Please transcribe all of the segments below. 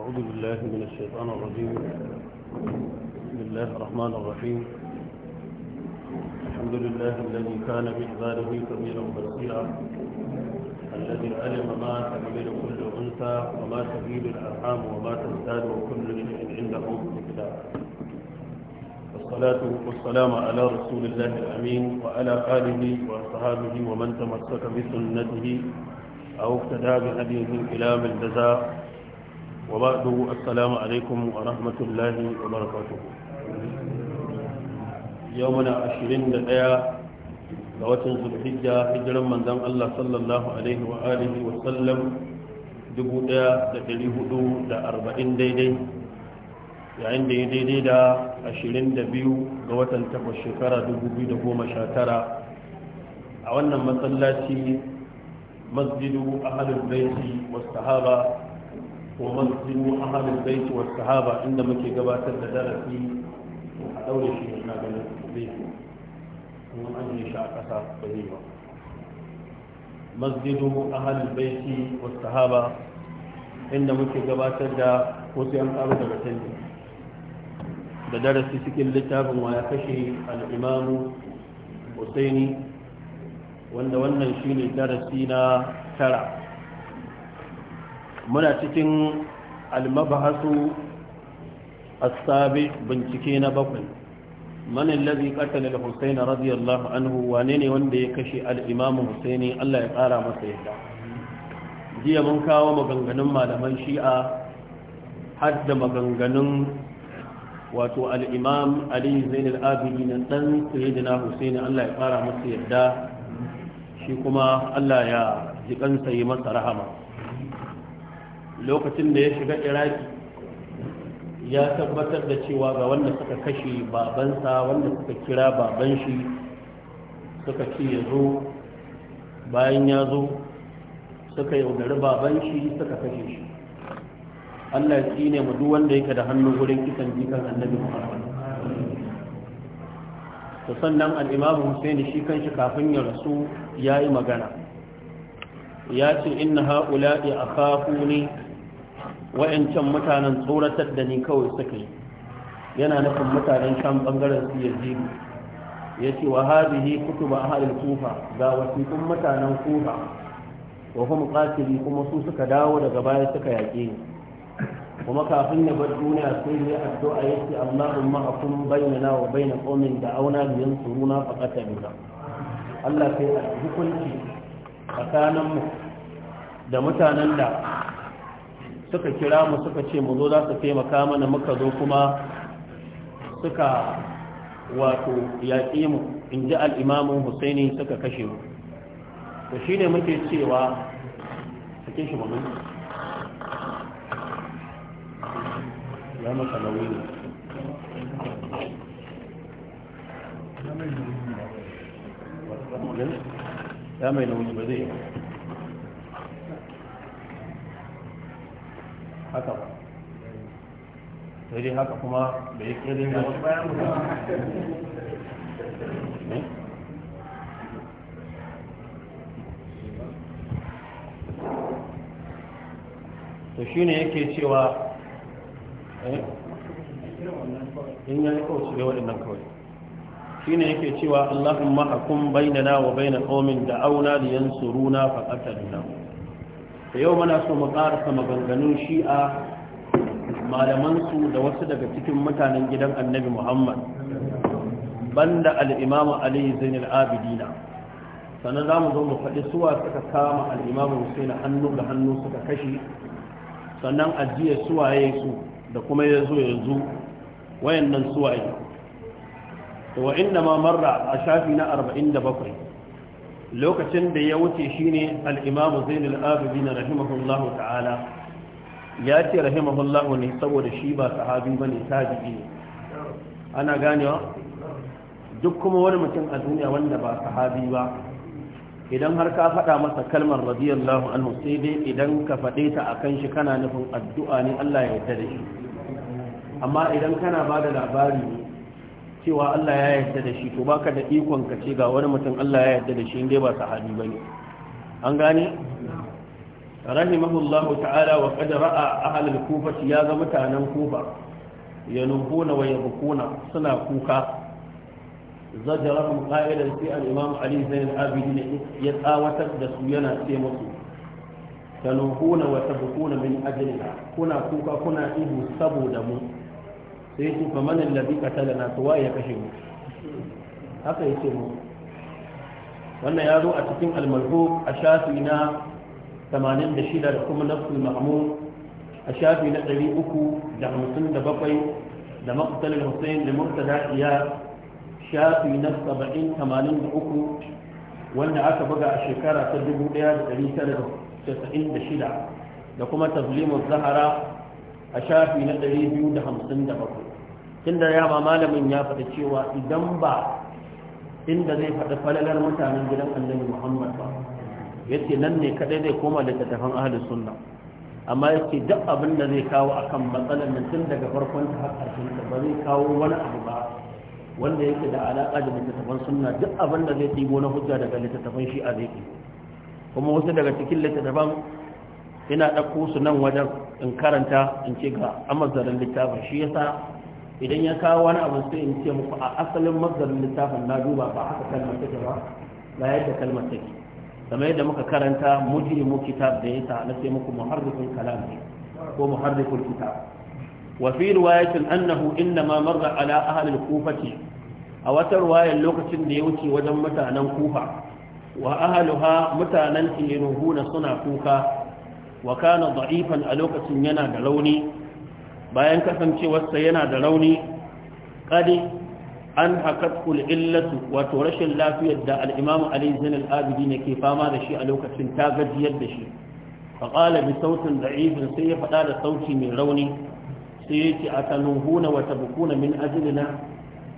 أعوذ بالله من الشيطان الرجيم بسم الله الرحمن الرحيم الحمد لله الذي كان بإحباره كبيرا بصيرا الذي علم ما تحمل كل أنثى وما تزيد الأرحام وما تزداد وكل شيء عنده مقدار والصلاة والسلام على رسول الله الأمين وعلى آله وأصحابه ومن تمسك بسنته أو اقتدى بهديه إلى من جزاء وبعد السلام عليكم ورحمة الله وبركاته يومنا عشرين دقيا لوطن ذو الحجة هجرا من دم الله صلى الله عليه وآله وسلم دبو دا دقليه دو دا أربعين ديدي yayin da ya daidai da 22 ga watan takwas shekara 2019 a wannan matsalaci masjidu ahalul baiti wasu sahaba ومسلم أهل البيت والصحابة عندما كي قبات الدرسي أول شيء ما قال البيت ومن أجل شعقة بهيمة مسجده أهل البيت والصحابة عندما كي قبات الدرسي وسيم أبدا بتنجي da darasi cikin littafin wa ya kashe al'imamu husaini wanda wannan shi ne darasi na tara muna cikin almabahasu asabi bincike na bakwai manin lazi katalin husain radiyallahu anhu wane ne wanda ya kashe al'imamu Hussaini? allah ya tsara masa yadda jiya mun kawo maganganun malaman shi'a har da maganganun wato al'imam ali zainal abidi na ɗan sayyidina Hussaini. allah ya tsara masa yadda shi kuma allah ya ji kansa yi masa rahama lokacin da ya shiga iraki ya tabbatar da cewa ga wanda suka kashe babansa wanda suka kira baban shi suka ce ya zo bayan ya zo suka yaudari baban shi suka kashe shi Allah ya ci mu duk wanda yake da hannu wurin kisan jikan annabi Muhammad to sannan al-Imam Hussein shi kanshi kafin ya rasu ya yi magana ya ce inna haula'i kafuni. wa'ancan mutanen tsoratar da ni kawai suka yi yana nufin mutanen can bangaren su yazidu ya ce wa hadihi kutuba ahalil kufa ga wasiƙun mutanen kufa wa kuma qatili kuma su suka dawo daga baya suka yaƙe ni kuma kafin ya bar duniya sai ya addu'a ya ce Allahumma akum bainana wa da auna da bi yansuruna fa qataluna Allah sai hukunci tsakanin mu da mutanen da suka kira mu suka ce mu zo za su taimaka mana muka zo kuma suka wato yaƙi mu in ji al'imamun husaini suka kashe mu to shi ne muke cewa sake shi mamin ya maka nauyi ne ya mai nauyi ba zai yi haka ba sai dai haka kuma da ya kere da wasu bayan mutum to ne yake cewa eh? in ya yi kawace da waɗannan kawai shi ne yake cewa allahumma hakum bainana wa da auna baina qaumin da'awna liyansuruna faqatalna da yau muna so mu ƙarasa maganganun shi'a malamansu da wasu daga cikin mutanen gidan annabi muhammad banda al'imamu aliyu zainul abidina sannan za mu zo mu faɗi suwa suka kama al'imamu husaini hannu da hannu suka kashe sannan ajiye suwaye su da kuma ya zo yanzu wayannan suwaye to wa inda ma marra a shafi na 47 lokacin da ya wuce shine al zai zainul na rahimahullahu ta'ala ya ce rahimahullahu ne saboda shi ba sahabi ne ana ganewa duk kuma wani mutum a duniya wanda ba sahabi ba idan har ka faɗa masa kalmar radiyallahu anhu sai dai idan ka faɗe ta akan shi kana nufin addu'a ne Allah ya yarda da shi amma idan kana ba da labari cewa Allah ya yarda da shi to baka da ikon ka ce ga wani mutum Allah ya yarda da shi inda ba sahabi bane an gane rahimahullahu ta'ala wa qad ra'a ahlul kufa ya ga mutanen kufa yanuhuna wa yabkuna suna kuka zajarahum qa'ilan fi al-imam ali zain al-abidin ya tsawatar da su yana ce musu tanuhuna wa tabkuna min ajlina kuna kuka kuna ihu saboda mu sai yake fa man allazi qatalana to waye ya kashe mu haka yake mu wannan ya zo a cikin al a shafi na 86 da kuma nafsul mahmud a shafi na 357 da maqtal da husayn da murtada iya shafi na 70 83 wanda aka buga a shekara ta 1996 da kuma tazlimul zahara a shafi na 257 tunda ya ba malamin ya faɗa cewa idan ba inda zai faɗa falalar mutanen gidan annabi muhammad ba yace nan ne kadai zai koma litattafan ahli sunna amma yace duk abin da zai kawo akan matsalar nan tun daga farkon ta har ƙarshen ta ba zai kawo wani abu ba wanda yake da alaƙa da littattafan sunna duk abin da zai ɗibo na hujja daga littattafan shi a zai kuma wasu daga cikin littattafan ina ɗauko su nan wajen in karanta in ce ga amazarin littafin shi yasa idan ya kawo wani abu sai in ce muku a asalin mazdarin littafin na duba ba haka kalmar take ba ba yadda kalmar take kamar yadda muka karanta mujrimu kitab da yasa na sai muku muharrifin kalam ne ko muharrifin kitab wa fi riwayatin annahu inna ma marra ala ahli al-kufati a wata riwayar lokacin da ya wuce wajen mutanen kufa wa ahluha mutanen tinuhuna suna kuka wa kana da'ifan a lokacin yana da rauni bayan kasancewarsa yana da rauni ƙadi an hakatkul illatu wato rashin lafiyar da al'imamu ali zin al'abidi ne ke fama da shi a lokacin ta gajiyar da shi faƙala bi sautin da'ifin sai ya faɗa da sauti mai rauni sai ya ce a tanuhuna wata bukuna min ajilina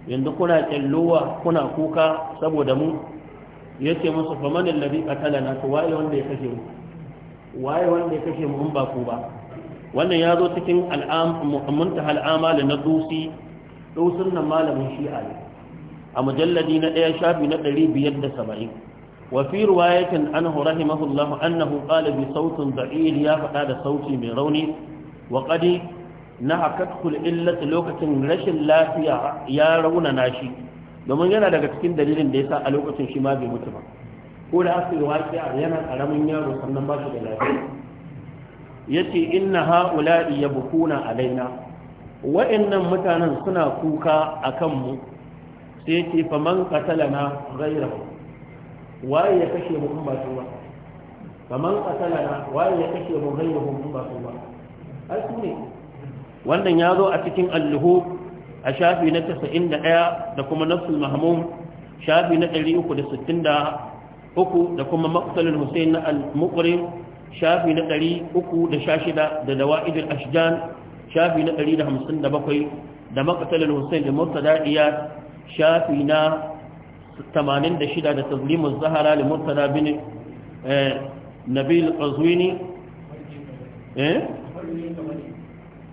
yanzu kuna kyallowa kuna kuka saboda mu ya ce musu famanin labi ƙatala na to waye wanda ya kashe mu waye wanda ya kashe mu in ba ku ba wannan ya zo cikin muntaha al'amali na dusi dusun nan malamin shi'a ne a mujalladi na ɗaya shafi na ɗari biyar da saba'in wa fi ruwayatin an rahimahullahu annahu qala bi sautin da'il ya faɗa da sauti mai rauni wa qadi na hakatkul illat lokacin rashin lafiya ya raunana shi domin yana daga cikin dalilin da ya sa a lokacin shi ma bai mutu ba ko da aka yi yana ƙaramin yaro sannan ba shi da lafiya yace inna haula'i yabkuna alaina wa'annan mutanen suna kuka akan mu sai yace faman qatalana ghayrahu waye ya kashe mu kun ba su ba faman qatalana waye ya kashe mu ghayrahu kun ba su ba ai ne wannan ya zo a cikin alluhu a shafi na 91 da kuma nafsul mahmum shafi na 363 da kuma maqtalul husayn al-muqri shafi na ɗari uku da sha shida da dawa'idul ashjan shafi na ɗari da hamsin da bakwai da da murtada iyad shafi na tamanin da shida da tazlimuz zahara li murtada bin eh, nabil qazwini eh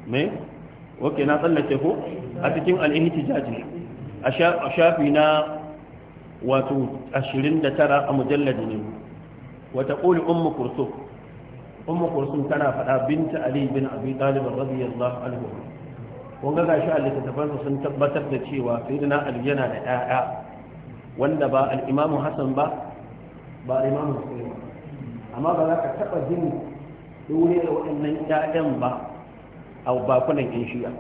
me wake na tsallace ko a cikin al jaji a shafi na wato ashirin da tara a mujallar ne wata qulu ummu kursuf ummu kulsum tana faɗa binta ali bin abi talib radiyallahu anhu kun ga gashi a littattafansa sun tabbatar da cewa sayyidina ali yana da ƴaƴa wanda ba al-imamu hasan ba ba al-imamu husayn amma ba za ka taɓa jin dole da waɗannan ƴaƴan ba a bakunan ƴan shi'a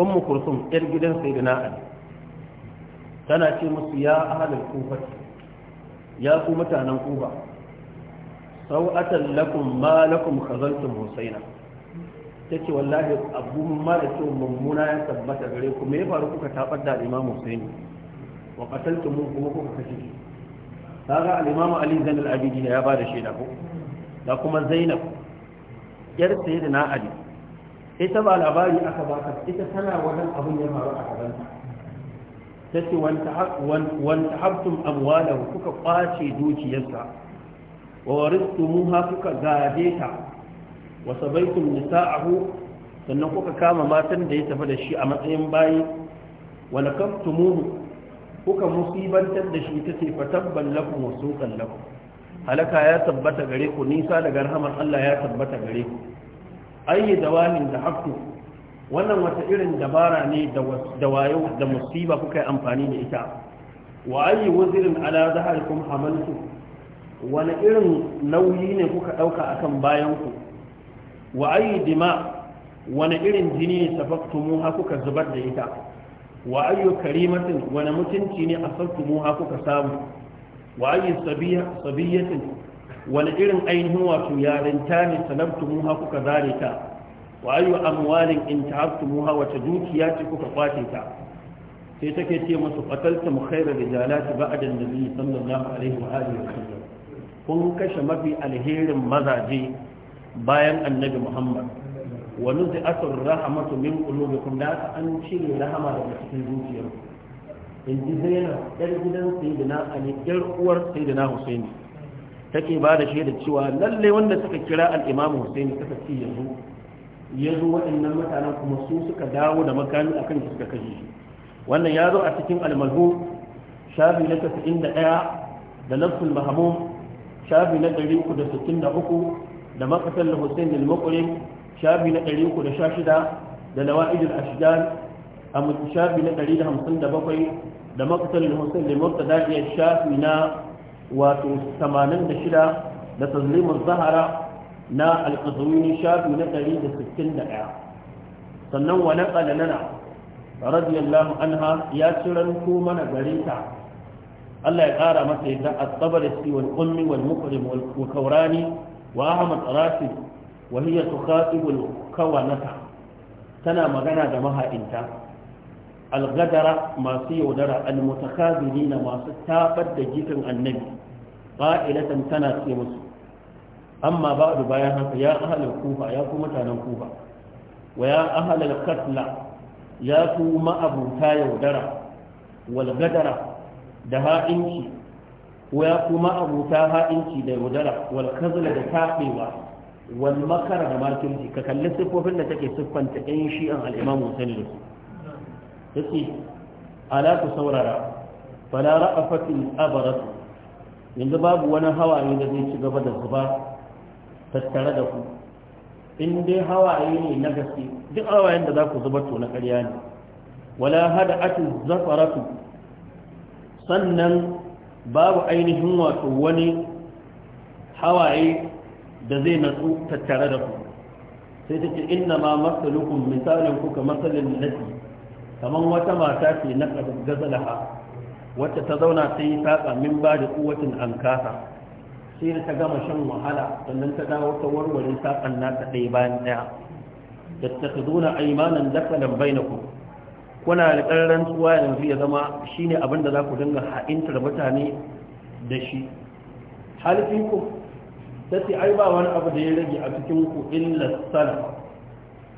ummu kulsum ƴar gidan sayyidina ali tana ce musu ya ahlul kufa ya ku mutanen kufa sau'atan lakum ma lakum khazantum husaina tace wallahi abu mara kyau mummuna ya tabbata gare ku me ya faru kuka tabar da imam husaini wa qataltum kuma kuka kashe kaga al-imam ali zan al-abidin ya bada shaida ko da kuma zainab yar sayyidina ali ita ba labari aka baka ita tana wajen abun ya faru a gabanta tace wanta habtum amwalahu kuka kwace dukiyarsa wa waristumuha kuka gade ta wa nisa'ahu sannan kuka kama matan da ya tafi da shi a matsayin bayi wa lakamtumuhu kuka musibantar da shi ta ce fatabban lakum wa suqan lakum halaka ya tabbata gare ku nisa daga rahmar Allah ya tabbata gare ku ayi dawamin da hakku wannan wata irin dabara ne da wayo da musiba kuka yi amfani da ita wa ayi wazirin ala zaharikum hamaltu wani irin nauyi ne kuka ɗauka a kan bayanku wa ayi dima wani irin jini ne safaktumu ha kuka zubar da ita wa ayyu karimatin wani mutunci ne asabtumu ha kuka samu wa ayyu sabiyatin wani irin ainihin wato yarinta ne sanabtumu ha kuka zare ta wa ayyu amwalin in ta'abtumu ha wata dukiya ce kuka kwace ta sai take ce musu qataltum khayra rijalati ba'da an-nabi sallallahu alaihi wa alihi wa sallam kun kashe mafi alherin mazaje bayan annabi muhammad wani zai asar rahamatu min qulubikum da aka an cire rahama daga cikin zuciyar in ji zainab yar gidan sayyidina ali yar uwar sayyidina husaini take ba da shaida cewa lalle wanda suka kira Alimami imamu husaini suka ci yanzu ya zo waɗannan mutanen kuma su suka dawo da makami akan su suka kashe shi wannan ya zo a cikin almalhu, malhu shafi na 91 da nafsul mahmum shafi na 363 da makasar da hussein al-makurin shafi na 316 da nawa'id al-ashdan a shafi na 157 da makasar da hussein al-murtada ya shafi na wato 86 da tazlimar zahara na al shafi na 161 sannan wa naqala nana, radiyallahu anha ya ciranto mana gareta Allah ya ƙara masa yadda as-sabarisi wal ummi wal mukrim wal kaurani wa ahmad rasid wa hiya tukhatibul kawanata tana magana da maha'inta al-gadara masu yaudara al-mutakabbirina masu tabar da gifin annabi qa'ilatan tana ce musu amma da bayan haka ya ahlul kufa ya kuma mutanen kufa wa ya ahlul katla ya su ma'abuta yaudara wal gadara da ha'inci ya kuma abuta ha'inci da yaudara wal kazla da taɓewa wal makara da makirci ka kalli siffofin da take siffanta ɗan shi'an al'imamu sallu ta ce ala ku saurara fala ra'afatin abaratu yanzu babu wani hawaye da zai ci gaba da zuba tattare da ku in dai hawaye ne na gaske duk hawayen da za ku zubar to na ƙarya ne wala hada atu zafaratu sannan babu ainihin wato wani hawaye da zai natsu tattare da ku sai ta ce inna ma matsalukun misalin kuka matsalin nasi kamar wata mata ce na gazalaha wacce ta zauna ta yi taƙa min ba da ankasa. an kasa sai da ta gama shan wahala sannan ta dawo ta warware taƙan nata ɗaya bayan ɗaya da ta zo na bai na bainakum kuna da ƙararren tsuwa yanzu ya zama shi ne abin da za ku dinga ha'intar mutane da shi halifinku ta ce ai ba wani abu da ya rage a cikin ku illa salaha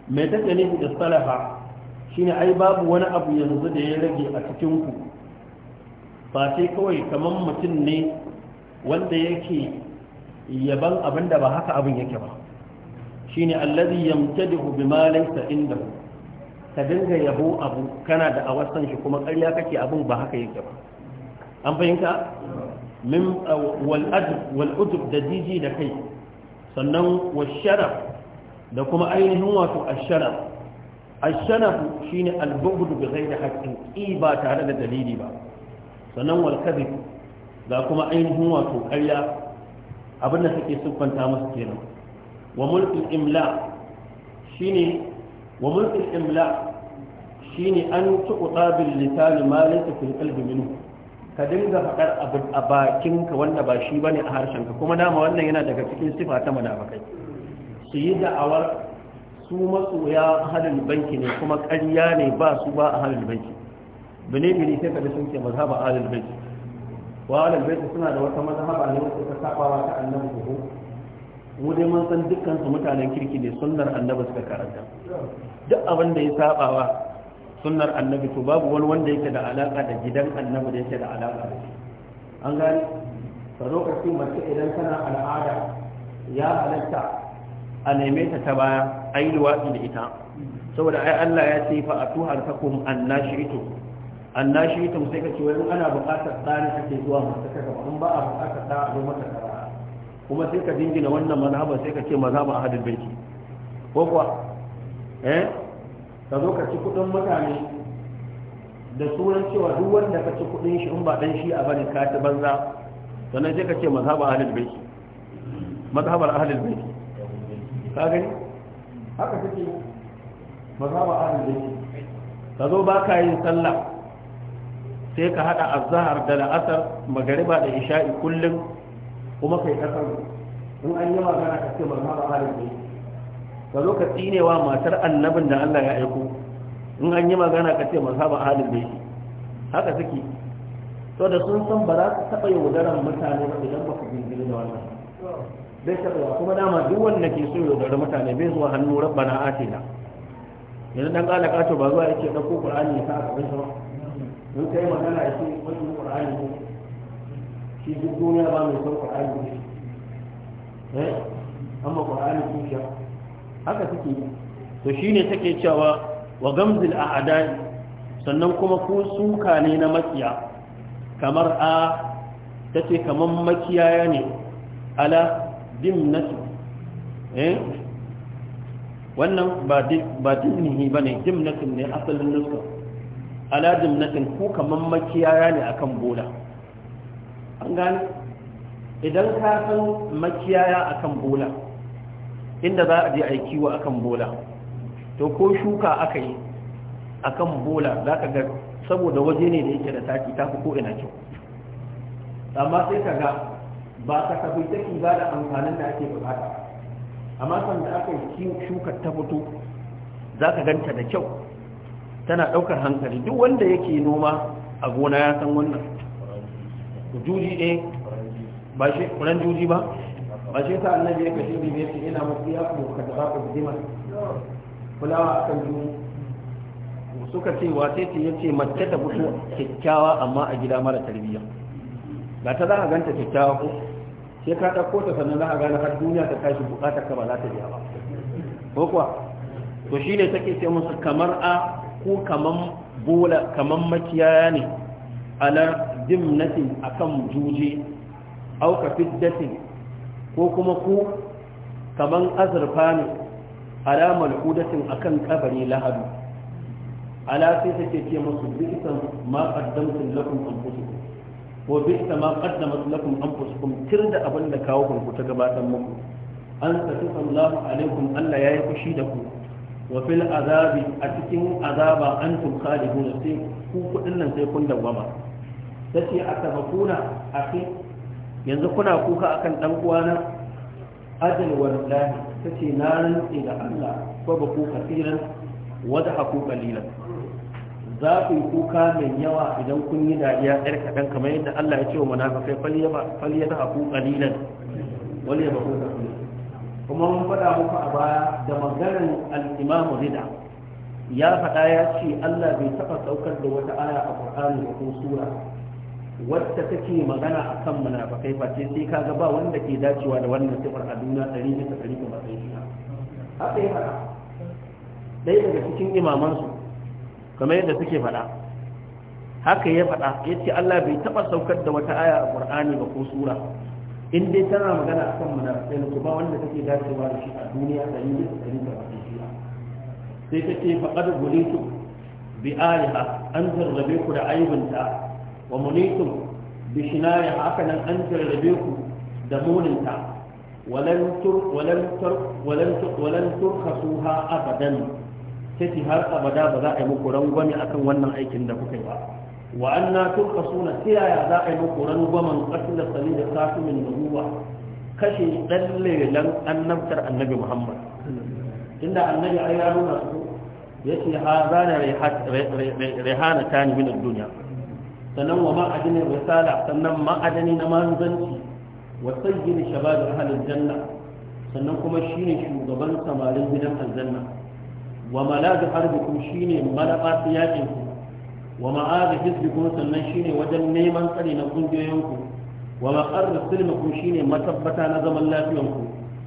mai take nufi da salaha ne ai babu wani abu yanzu da ya rage a cikin ku ba sai kawai kamar mutum ne wanda yake yaban abin da ba haka abin yake ba shine allazi yamtadihu bima laysa indahu ka dinga yabo abu kana da awasan shi kuma ƙarya kake abin ba haka yake ba an fahimta min uh, wal udub da jiji da kai sannan wa sharaf da kuma ainihin wato asharaf asharaf shine al-bughd bi ghairi haqqin i ba tare da dalili ba sannan wal kadhib da kuma ainihin wato ƙarya abin da suke siffanta musu kenan wa mulkin imla shine wa mulkin imla shine an tuƙuɗa bil lisan ma laysa fil qalbi minhu ka dinga faɗar abu a bakinka wanda ba shi bane a harshenka kuma dama wannan yana daga cikin sifa ta munafikai su yi da'awar su masoya halin banki ne kuma ƙarya ne ba su ba a halin banki bane bane sai ka da sun ke mazhaba halin banki wa suna da wata mazhaba ne ta saba ta mu dai mun san dukkan su mutanen kirki ne sunnar annabi suka karanta duk abin da ya sabawa sunnar annabi to babu wani wanda yake da alaka da gidan annabi da yake da alaka da an gani ka zo ka mace idan tana al'ada ya halatta a neme ta ta baya yi luwaɗi da ita saboda ai Allah ya ce fa atu harkakum annashitu annashitu sai ka ce wani ana buƙatar tsari take zuwa masu kaga ba a buƙatar da a zo mata kuma sai ka jingina wannan mazhaban sai ka ce mazhaban ahadul baiti ko kuwa eh ka zo ka ci kudin mutane da sunan cewa duk wanda ka ci kudin shi in ba dan shi a bane ka ta banza sannan sai ka ce mazhaban ahadul baiti mazhaban ahadul baiti ka gani haka take mazhaban ahadul baiti ka zo ba ka yin sallah sai ka hada azhar da la'asar magariba da isha'i kullum kuma kai kasan in an yi magana ka ce marhaba halin ne ka zo ka tsinewa matar annabin da Allah ya aiko in an yi magana ka ce marhaba halin ne haka suke to da sun san ba za su taɓa yaudaran mutane ba idan ba ku gingiri da wannan bai taɓa kuma dama duk wanda ke so yaudara mutane bai zuwa hannu rabbana atina yanzu dan kala kato ba zuwa yake dauko qur'ani ya sa a gaban shi ba in kai magana ya ce wani qur'ani ko shi duk duniya ba mai son ƙwararri ne eh amma sun kusha haka suke yi to shi ne take cewa wa gamzil a Adani? sannan kuma ko suka ne na makiya kamar a ta ce kamar makiyaya ne ala dimnatu eh wannan ba dimnihi ba ne dimnatin ne asalin nuska ala dimnatin ko kamar makiyaya ne akan bola an gane idan ka san makiyaya akan bola inda za a je a yi kiwo akan bola to ko shuka aka yi akan bola za ka ga saboda waje ne da yake da taki ta fi ko'ina kyau amma sai ka ga ba ta kafin take ba da amfanin da ake bukata amma san da aka yi shuka ta fito za ka ganta da kyau tana ɗaukar hankali duk wanda yake noma a gona ya san wannan juji ɗaya ba shi kuran juji ba ba shi ta annabi ya kashe ne ya ina mafi ya ku ka da ba ku zima kulawa akan juji suka ce sai ce yace mace ta fito kyakkyawa amma a gida mara tarbiyya ga ta za a ganta kyakkyawa ko sai ka ɗauko ta sannan za a gane har duniya ta tashi buƙatar ka ba za ta biya ba ko kuwa to shine take ce musu kamar a ko kaman bola kamar makiyaya ne ala dimnatin akan juje au ka fiddatin ko kuma ku kaman azurfa ne alamar hudatin akan kabari lahadu ala sai take ce masu bisan ma qaddamtum lakum anfusukum ko bisa ma qaddamat lakum anfusukum da abin da kawo ku ta gabatar muku an tafi Allahu alaikum Allah yayi fushi da ku wa fil azabi a cikin azaba an tum khalidun sai ku kudin nan sai kun dawama ta ce a kuna a fi yanzu kuna kuka akan ɗan uwana ajal wallahi ta ce na rantse da Allah ko ba ku kasiran wata haku kalilan za ku yi kuka mai yawa idan kun yi dariya ɗar kaɗan kamar yadda Allah ya ce wa munafikai fal ya haku kalilan wani ya ba ku kasiran kuma mun faɗa muku a baya da maganar al Rida ya faɗa ya ce Allah bai taɓa ɗaukar da wata aya a Qur'ani ko sura wadda take magana a kan munafakai ce sai ka ga ba wanda ke dacewa da wannan sifar a duniya ɗari bisa ɗari kuma sai shi haka ya faɗa ɗaya daga cikin imamansu kamar yadda suke faɗa haka ya faɗa ya ce Allah bai taɓa saukar da wata aya a ƙur'ani ba ko sura in dai tana magana a kan munafakai na ba wanda ke dacewa da shi a duniya ɗari bisa ɗari kuma sai shi sai ta ce faɗar gulitu bi aliha an zarrabe ku da aibinta wa munitum bishinaya haka nan an jarrabe ku da muninta walan turkasuha abadan sai har abada ba za a yi muku rangwame akan wannan aikin da kuka yi ba wa anna turkasuna sai yaya za a yi muku rangwamen asila sali da sasumin nubuwa kashe dan lelan annabtar annabi muhammad inda annabi ai ya nuna su yace ha zana rihana tani min ad sannan wa ma'adinin risala sannan ma'adani na manzanci wa sayyin shababin halin janna sannan kuma shine shugaban samarin gidan aljanna wa malaga harbikum shine malaba yakin ku wa ma'azi hizbikum sannan shine wajen neman tsari na kungiyoyin ku wa maqarr silmikum shine matabbata na zaman lafiyan ku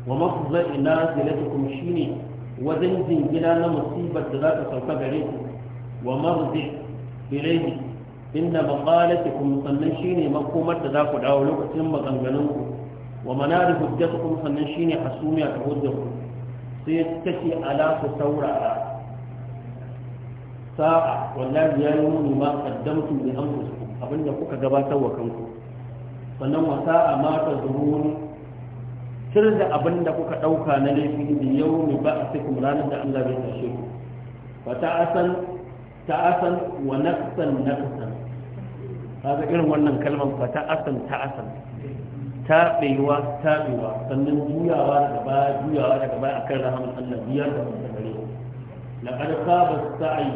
wa mafza'i nazilatukum shine wajen jingina na musibar da za ta sauka gare ku wa marzi ilayhi inda maqalatikum sannan shine makomar da za ku dawo lokacin maganganun ku wa manar hujjatukum sannan shine hasumiya ta hujja ku sai ta ce ala ku saurara sa'a wallahi ya yi muni ma qaddamtu bi anfusikum abinda kuka gabatar wa kanku sannan wa sa'a ma tazurun sirri da abinda kuka dauka na laifi da yau ne ba a cikin ranar da Allah bai tashe ku fa ta'asan ta'asan wa naqsan naqsan kaga irin wannan kalmar fa ta asan ta asan ta tsayuwa ta tsayuwa sannan juyawa daga baya juyawa daga baya akan rahaman Allah biyar da mutum gare la qad saba sa'i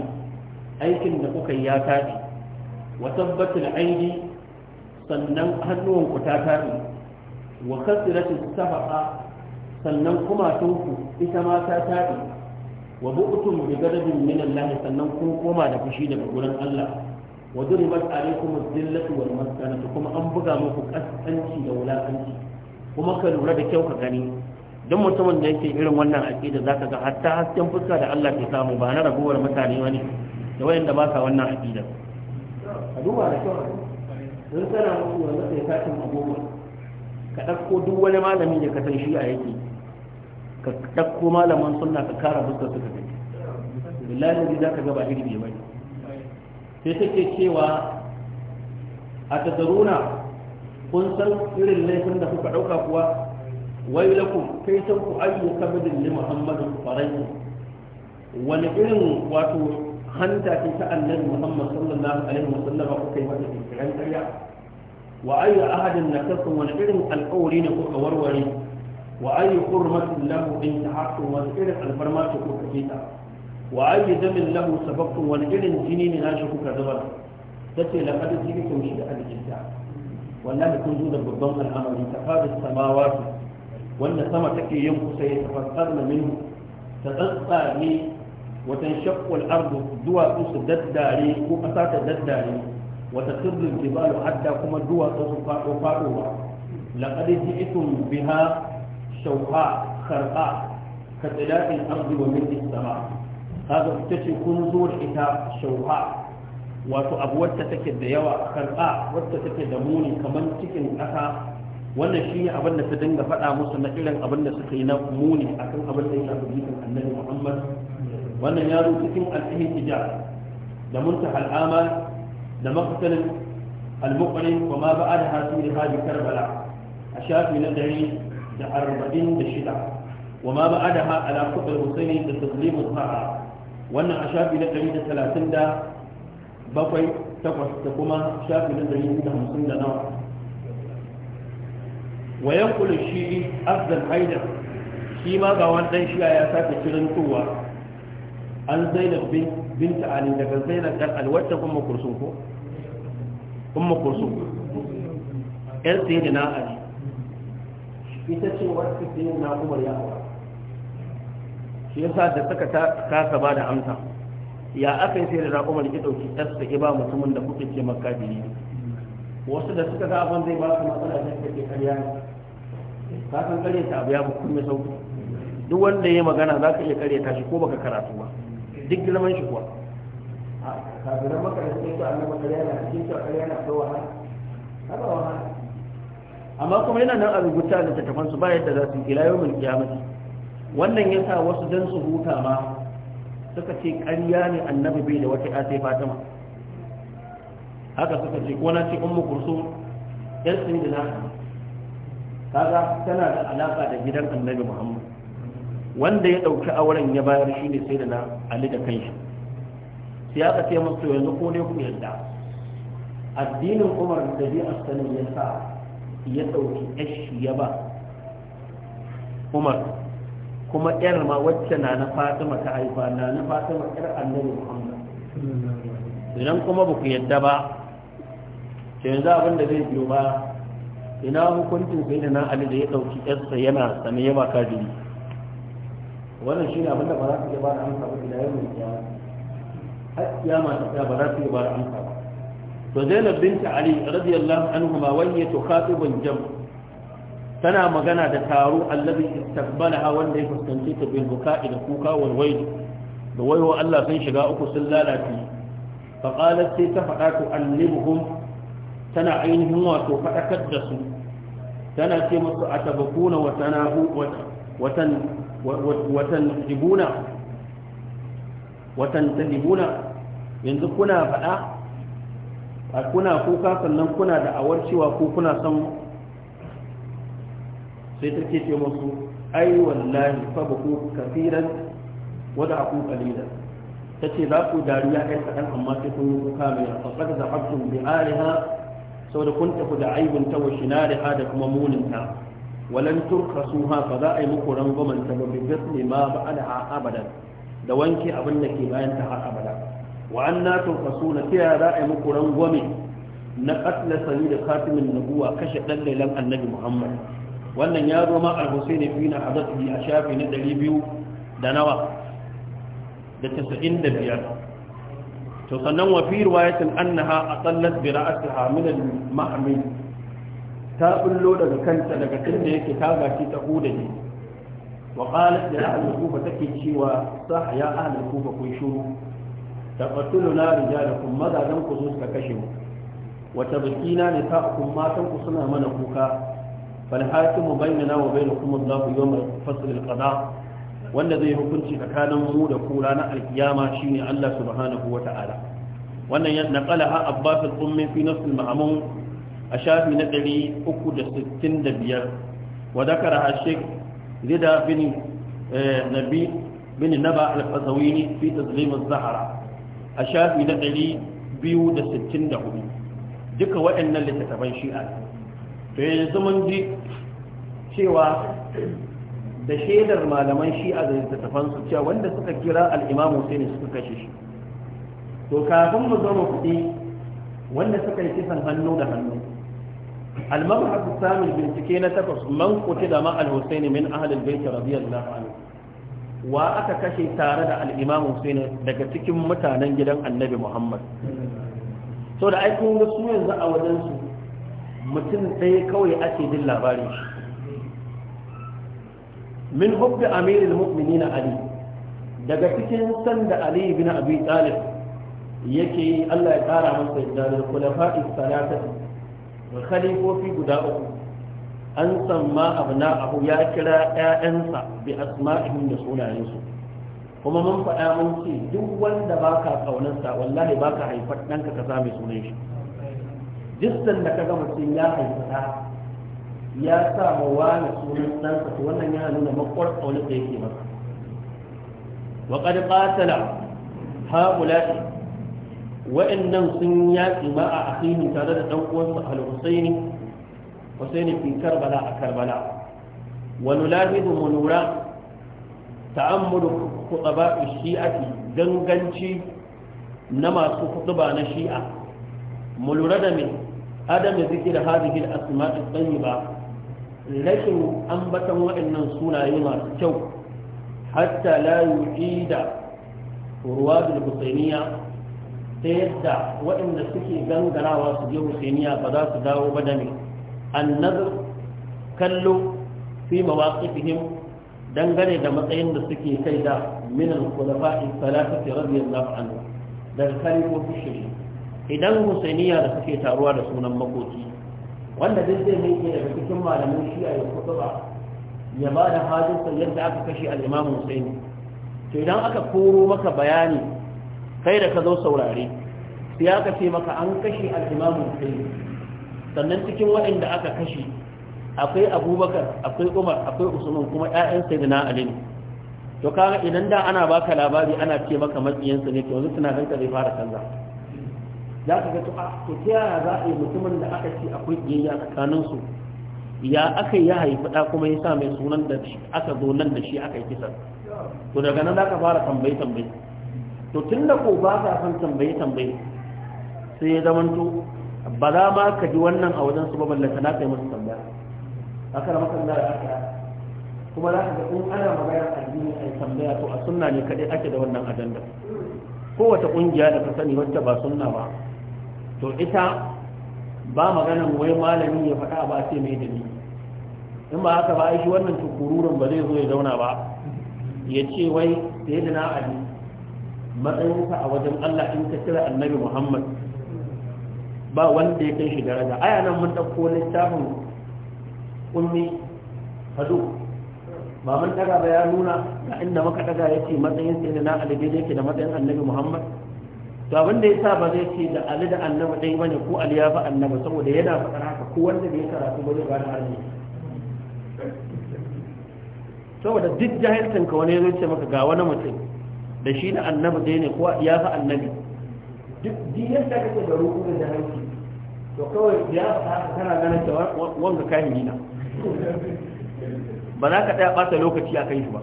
aikin da kuka yi ya tafi wa tabbatul aidi sannan hannuwan ku ta tafi wa kasratu safaha sannan kuma tunku ita ma ta tafi wa bu'tum bi gadabin min Allah sannan kun koma da fushi daga gurin Allah wa duribat alaikum az-zillatu wal maskanatu kuma an buga muku kaskanci da wulakanci kuma ka lura da kyau ka gani don mutumin da yake irin wannan aƙida zaka ga hatta hasken fuska da Allah ke samu ba na raguwar mutane wani da wayanda ba sa wannan aƙida a duba da kyau don kana musu wanda sai katin abubuwa ka ɗauko duk wani malami da ka san shi a yake ka ɗauko malaman sunna ka kara fuskar suka kai billahi ne ka ga ba iri bai bane sai take cewa a tazaruna kun san irin laifin da kuka ɗauka kuwa wai lakum kai san ku ayyu kabidin ne Muhammadu farai wani irin wato hanta ce ta annabi muhammad sallallahu alaihi wasallam ku yi mata kirkiran ƙarya wa ayyu ahadin nakasu wani irin alƙawari ne kuka warware wa ayyu hurmatin lahu in ta wani irin alfarma ce kuka ta wa ayi damin lahu sababtun wani irin jini ne na nashi kuka zubar ta ce laƙar jini kun shi da alƙinta wallahi kun zo da babban al'amari ta fadin samawa su wanda sama take yin kusa ya tafassar na min ta tsantsane watan shakwal ardu duwatsu su daddare ko kasa ta daddare wata sirrin jibalu hadda kuma duwatsu su faɗo fado ba laƙar ji'itun biha shauha karɓa ka tsilaƙin ardu wa min sama kaga ita ce kun zo da ita shauha wato abu wacce take da yawa karɓa wacce take da muni kamar cikin ƙasa wannan shi ne abin da ta dinga faɗa musu na irin abin da suka yi na muni akan abin da ya shafi jikin annabi muhammad wannan ya zo cikin al-ihtija da munta al'ama da maqtalin al-muqrin wa ma ba'ada hasiri hadi karbala a shafi na dari da arba'in da shida wa ma ba'ada ha ala kutul husaini da tazlimu sa'a wannan a shafi na 137 takwas da kuma shafi na 150 da nawa wa yankulu shi afdal haidar shi ma ga wani dan shiya ya sake kirin tuwa an zainab binta ali daga zainab dan alwata kuma kursun ko kuma kursun yan sayyidina ali ita ce wacce sayyidina umar ya aura shi yasa da suka kasa ba da amsa ya aka yi sai da raƙumar ki ɗauki ɗarsa ki ba mutumin da kuke ce maka biyu wasu da suka ga abin zai ba su matsala da suka ke karya ne ka san karya ta abu ya fi kuma sauƙi duk wanda ya magana za ka iya karya ta shi ko baka karatu ba duk girman shi kuwa kafinan maka da suke a nan karya na cikin a karya na kai wahala haka wahala amma kuma yana nan a rubuta da tattafansu ba yadda za su yi ila yau mai kiyamati wannan ya sa wasu dan su huta ma suka ce ƙarya ne annabi bai da wata ya sai fatima haka suka ce ko na ce in mu kursu yan sun da kaga tana da alaƙa da gidan annabi muhammad wanda ya ɗauki auren ya bayar shi ne sai da na ali da kanshi sai aka ce masu yanzu ko ne ku yarda addinin umar da bi a ya sa ya ɗauki yashi ya ba umar kuma yar ma wacce na na fatima ta haifa na na fatima yar annabi muhammad idan kuma ba ku yadda ba to yanzu abin da zai biyo ba ina hukuncin sai da na ali da ya dauki yarsa yana sane ya baka jiri wannan shi ne abin da ba za su iya ba da amsa ba ila yau mai kiyama har kiyama ta ba za su iya ba da amsa ba to zainab binta ali radiyallahu anhu ma wani ya tukhatibu jam' tana magana da taro allazi istaqbalaha wanda ya fuskanci ta bil buka'i da kuka wal wailu da wayo Allah sun shiga uku sun lalace fa qalat sai ta faɗa ku annibuhum tana ainihin wato faɗakar da su tana ce musu atabakuna wa tanahu watan watan tibuna watan tibuna yanzu kuna faɗa kuna kuka sannan kuna da awar cewa ku kuna son sai take ce musu ai wallahi fa baku kafiran wa aku qalila tace za ku dariya kai kadan amma sai kun yi kuka mai faqad da abdum bi aliha saboda kun tafi da aibun ta wa shinariha da kuma munin ta walan turkasuha fa za a yi muku rangwamen ta bi gasli ma ba'alaha abadan da wanke abin da ke bayan ta har abada wa anna turkasuna ta za a yi muku rangwame na katla sani da katimin nabuwa kashe dan lailan annabi muhammad wannan ya zo ma al-husaini fi na hadatihi a shafi na 200 da nawa da 95 to sannan wa fi riwayatin annaha aqallat bi ra'siha min mahmil ta bullo daga kanta daga tunda yake ta gashi ta huda ne wa qalat li ahli kufa take cewa sah ya ahli kufa kun shuru taqatuluna rijalakum mazalan ku zo suka kashe mu wa tabkina nisa'ukum matan ku suna mana kuka فالحاكم بيننا وبينكم الله يوم فصل القضاء wanda zai hukunci tsakanin mu da ku ranar alkiyama shine Allah subhanahu wata'ala wannan ya naqala ha Abbas al-Ummi fi nafs al-Ma'mun a shafi na 365 wa dakara Sheikh Zida bin Nabi bin Naba al-Fasawini fi tazlim az-Zahra a shafi na 264 duka waɗannan littattafan shi'a to yanzu mun ji cewa da shaidar malaman shi'a da littattafan su cewa wanda suka kira al'imamu sai ne suka kashe shi to kafin mu zama kuɗi wanda suka yi kisan hannu da hannu al-mabhas bincike na takwas man da ma al-husayn min ahli al radiyallahu anhu wa aka kashe tare da al-imam husayn daga cikin mutanen gidan annabi muhammad so da aikin kun yanzu a wajen su mutum ɗaya kawai ake jin labari. shi min hubbi amirul na ali daga cikin sanda ali ibn abi talib yake Allah ya kara masa yadda da khulafa'i salatati wa khalifofi guda uku an samma abna'ahu ya kira ƴaƴansa bi asma'ihim da sunayensu kuma mun faɗa mun ce duk wanda baka kaunarsa wallahi baka haifar ɗanka ka same sunan shi jistan da ka kaga mutum ya haifa ya sa ma wani sunan ɗansa to wannan ya nuna makwar tsaunin da yake masa wa qad qatala haula'i wa'annan sun yaƙi ma a akhihin tare da dan uwansa al-husaini husaini fi karbala a karbala wa nulahidu munura ta'ammudu khutaba shi'ati ganganci na masu khutba na shi'a mu lura da me adam zikir hadhihi al-asma' at ba rashin ambatan waɗannan sunaye masu kyau hatta la yu'ida ruwa da husainiyya ta yadda waɗanda suke gangarawa su je husainiya ba za su dawo ba da mai annazar kallo fi mawaƙifihim dangane da matsayin da suke kai da minan kulafain in salafati radiyallahu anhu daga kalifofi shiri idan husainiya da suke taruwa da sunan makoci wanda duk zai haike daga cikin malamin shi'a ya kusa ba ya ba da hajjinsa yadda aka kashe al'imam husaini to idan aka koro maka bayani kai da ka zo saurare sai aka ce maka an kashe al'imam husaini sannan cikin waɗanda aka kashe akwai abubakar akwai umar akwai usman kuma 'ya'yan sayyidina ali ne to kaga idan da ana baka labari ana ce maka matsiyansa ne to yanzu tunanin ka zai fara canza za ka ga tu'a ah, to ta yaya za a yi mutumin da aka ce akwai ƙiyayya tsakanin su ya aka ya haifi ɗa kuma ya sa mai sunan da aka zo nan da shi aka yi kisa to daga nan za ka fara tambaye tambaye to tun da ko ba ka san tambaye tambaye sai ya zamanto ba za ma ka ji wannan a wajen su ba ballanta na kai musu tambaya aka da kan da aka kuma za ka ga in ana magana jini a tambaya to a sunna ne kaɗai ake da wannan ajandar kowace ƙungiya da ka sani wacce ba sunna ba to ita ba maganan wai malami ya faɗa ba sai mai dalili in ba haka ba shi wannan tukururun ba zai zo ya zauna ba ya ce wai sai da na matsayinsa a wajen Allah in ka kira annabi Muhammad ba wanda ya kai shi daraja aya nan mun ɗauko littafin ummi hadu ba mun ba ya nuna ga inda muka ɗaga ya ce matsayin sai da na ali daidai yake da matsayin annabi Muhammad to abin da yasa ba zai ce da ali da annabi dai bane ko ali ya fa annabi saboda yana faɗar haka ko wanda bai karatu ba zai ba da arziki saboda duk jahilcin ka wani zai ce maka ga wani mutum da shi da annabi dai ne ko ya fa annabi duk diyar da kake da ruku da jahilci to kawai ya fa haka kana ganin cewa wanga kahiri na ba za ka tsaya ɓata lokaci a kai shi ba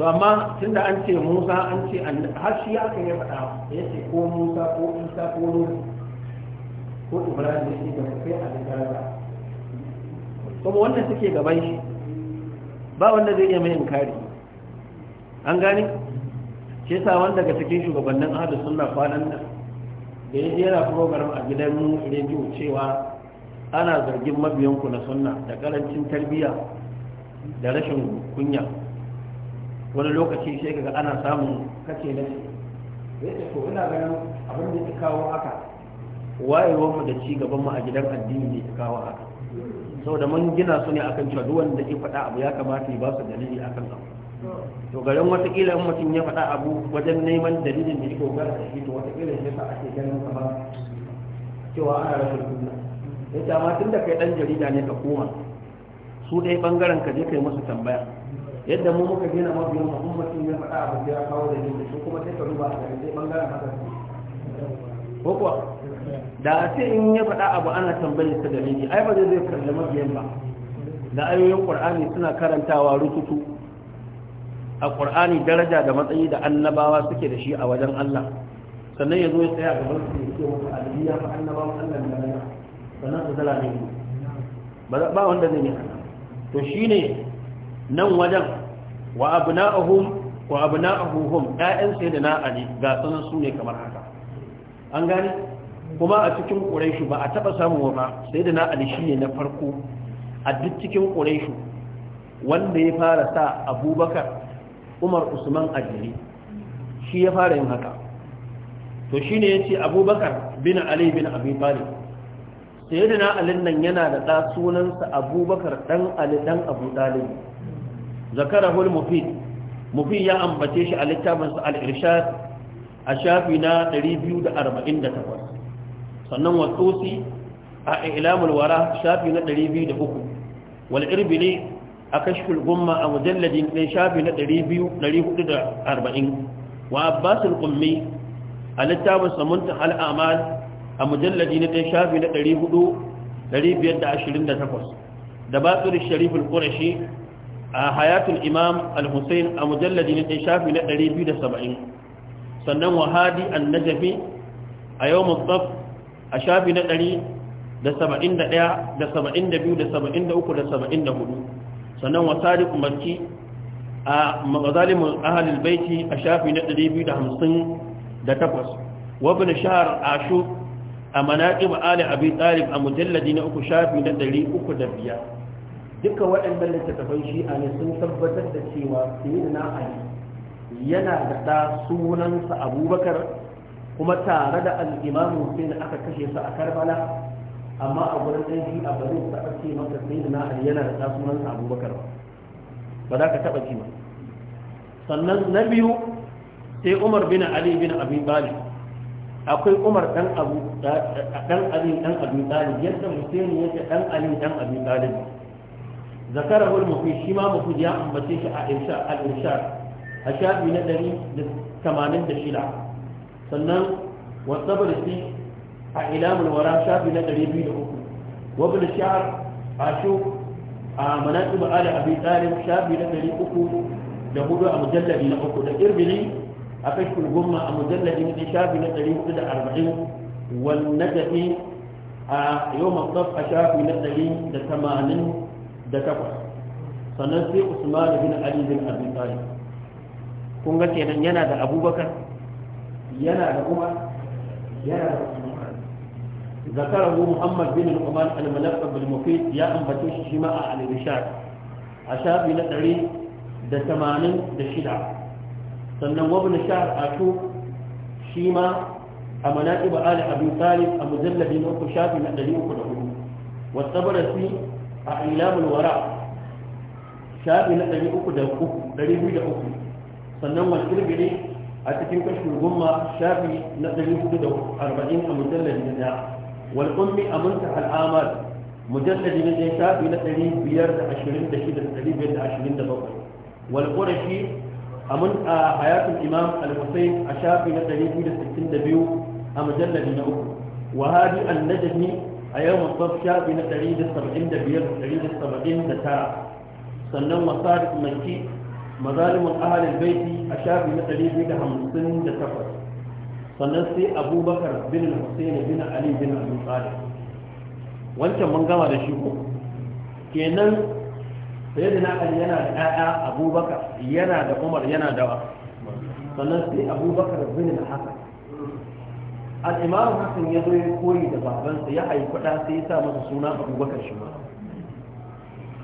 to amma tunda an ce musa an ce har shi aka yi faɗa ya ce ko musa ko isa ko nuhu ko ibrahim ya ce da kai a littafi kuma wanda suke gaban shi ba wanda zai iya mai inkari an gane shi sa wanda daga cikin shugabannin ahlus sunna kwanan nan da yaje yana program a gidan rediyo cewa ana zargin mabiyanku na sunna da karancin tarbiyya da rashin kunya wani lokaci sai kaga ana samun kace da ya ta to ina ganin abin da ya kawo haka wayewar mu da ci gaban mu a gidan addini ne ta kawo haka saboda mun gina su ne akan cewa duk wanda ke faɗa abu ya kamata ya ba su dalili akan abu to garin watakila in mutum ya faɗa abu wajen neman dalilin da ya dogara da shi to watakila ya sa ake ganin sa ba cewa ana rashin sunna ya ce amma tun da kai ɗan jarida ne ka koma su ɗaya ɓangaren ka je kai musu tambaya yadda mu muka gina mafi yin mahimmanci ya faɗa abu ya kawo da yin shi kuma sai ka duba a gari sai bangaren haka ko kuwa da sai in ya faɗa abu ana su da dalili ai ba zai zai kalli mafiyan ba da ayoyin qur'ani suna karantawa rukutu a qur'ani daraja da matsayi da annabawa suke da shi a wajen Allah sannan ya zo ya tsaya gaban su ya ce musu fa annabawa Allah da sannan su zala ne ba wanda zai yi to shine nan wajen wa abna'uhum wa abna'uhum ƴaƴan sayyidina ali ga sanan su ne kamar haka an gane kuma a cikin quraishu ba a taba samun ba sayyidina ali shine na farko a duk cikin quraishu wanda ya fara sa abubakar umar usman ajiri shi ya fara yin haka to shine yace abubakar bin ali bin abi talib sayyidina Ali nan yana da ɗa sunansa abubakar dan ali dan abu talib zakarahul mufid mufid ya ambace shi a littafinsa sa a shafi na 248 sannan wasusi a ilamul wara shafi na 203 wal irbili a kashful gumma a mujalladin ɗin shafi na 440 wa abbasul ummi a littafin sa muntahal a mujalladin na ɗin shafi na 428 da batsir sharifin ƙurashi a hayatul imam al-hussein a mujalladi na shafi na 270 sannan wahadi an-najafi a yau mutsaf a shafi na 171 da 72 da 73 da 74 sannan wasadiq makki a mazalimul ahlul baiti a shafi na 258 wa ibn shahar ashub a manaqib ali abi talib a mujalladi na uku shafi na 305 duka waɗannan littattafan shi'a ne sun tabbatar da cewa sayyidina ali yana da ɗa sunansa abubakar kuma tare da al'imamu sai aka kashe su a karbala amma a gurin ɗan shi'a ba zai taɓa ce maka sayyidina ali yana da ɗa sunansa abubakar ba za ka taɓa ji ba sannan na biyu sai umar bin ali bin abi talib akwai umar dan abu dan ali dan abi talib yadda musaini yake dan ali dan abi talib zakara wani mafi shi ma mafi ya ambace shi a irsha a shafi na ɗari tamanin da shida sannan wasabar shi a ilamun wara shafi na ɗari biyu da uku wabin sha'ar a shi a manaki shafi na ɗari uku da hudu a mujallabi na uku da irbini a kashkul goma a mujallabi na shafi na ɗari hudu da arba'in wannan a yau masu a shafi na ɗari da tamanin da takwas sannan sai usman bin ali bin abi talib kun ga kenan yana da abubakar yana da umar yana da usman zakarahu muhammad bin al-umar al-malaqab al-mufid ya ambace shi shi ma a al-rishad a shafi na ɗari da tamanin da shida sannan wabin shahar ato shi ma a manaƙi ba ali abin talib a mujallabi na uku shafi na ɗari uku da hudu wasu tabarasi a ilamul wara shafi na uku, sannan wal gari a cikin kashfin gumma shafi na arba'in a mujallar na ɗaya, wal ummi a muntaha al'amal mujallar na biyar da ashirin da bakwai, qurashi a mun a hayatul imam al-husayn a shafi na biyu a mujallar na uku wa hadi najmi a yawan musaf shafi na 175-179 sannan masarik maki mazalimin ahalin baiti a shafi na 258 sannan sai abubakar bin hussein bin ali bin abu tsari wancan mun gama da shi ko kenan sai da na ali yana da 'ya'ya abubakar yana da umar yana da sannan sai abubakar bin Hassan. al'imamu hassan ya zo ya koyi da babansa ya haifi ɗa sai ya sa masa suna abubakar shi ma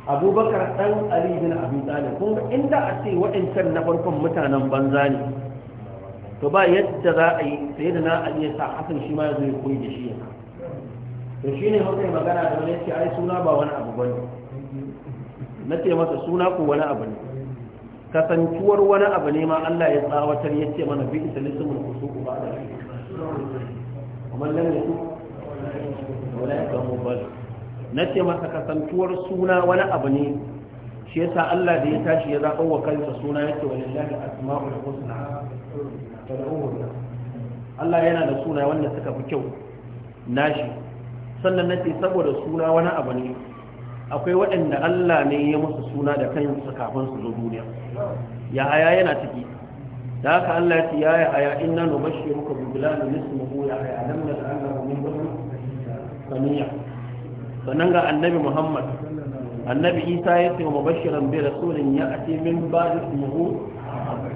abubakar ɗan ali bin abin talib kun inda a ce waɗancan na farkon mutanen banza ne to ba yadda za a yi sai da na ali ya sa hassan shi ma ya zo ya koyi da shi ya to shi ne hausa magana da wani ce ai suna ba wani abu bane na ce masa suna ko wani abu ne Kasancuwar wani abu ne ma Allah ya tsawatar ya ce mana bi isa lissimul kusuku ba da shi kamar nan ne wala ya gamu bal na ce masa kasantuwar suna wani abu ne shi yasa Allah da ya tashi ya zaɓo wa kansa suna yake walillahi asma'ul husna Allah yana da suna wanda suka fi kyau nashi sannan nace saboda suna wani abu ne akwai waɗanda Allah ne ya musu suna da kansu kafin su zo duniya ya aya yana ciki da haka Allah ya ce ya yi aya inna no bashi muka bi gulamin ismuhu ya haya lam na ta'ala min gudun saniya sannan ga annabi Muhammad annabi Isa ya ce wa mubashiran bi rasulin ya ati min ba su ismuhu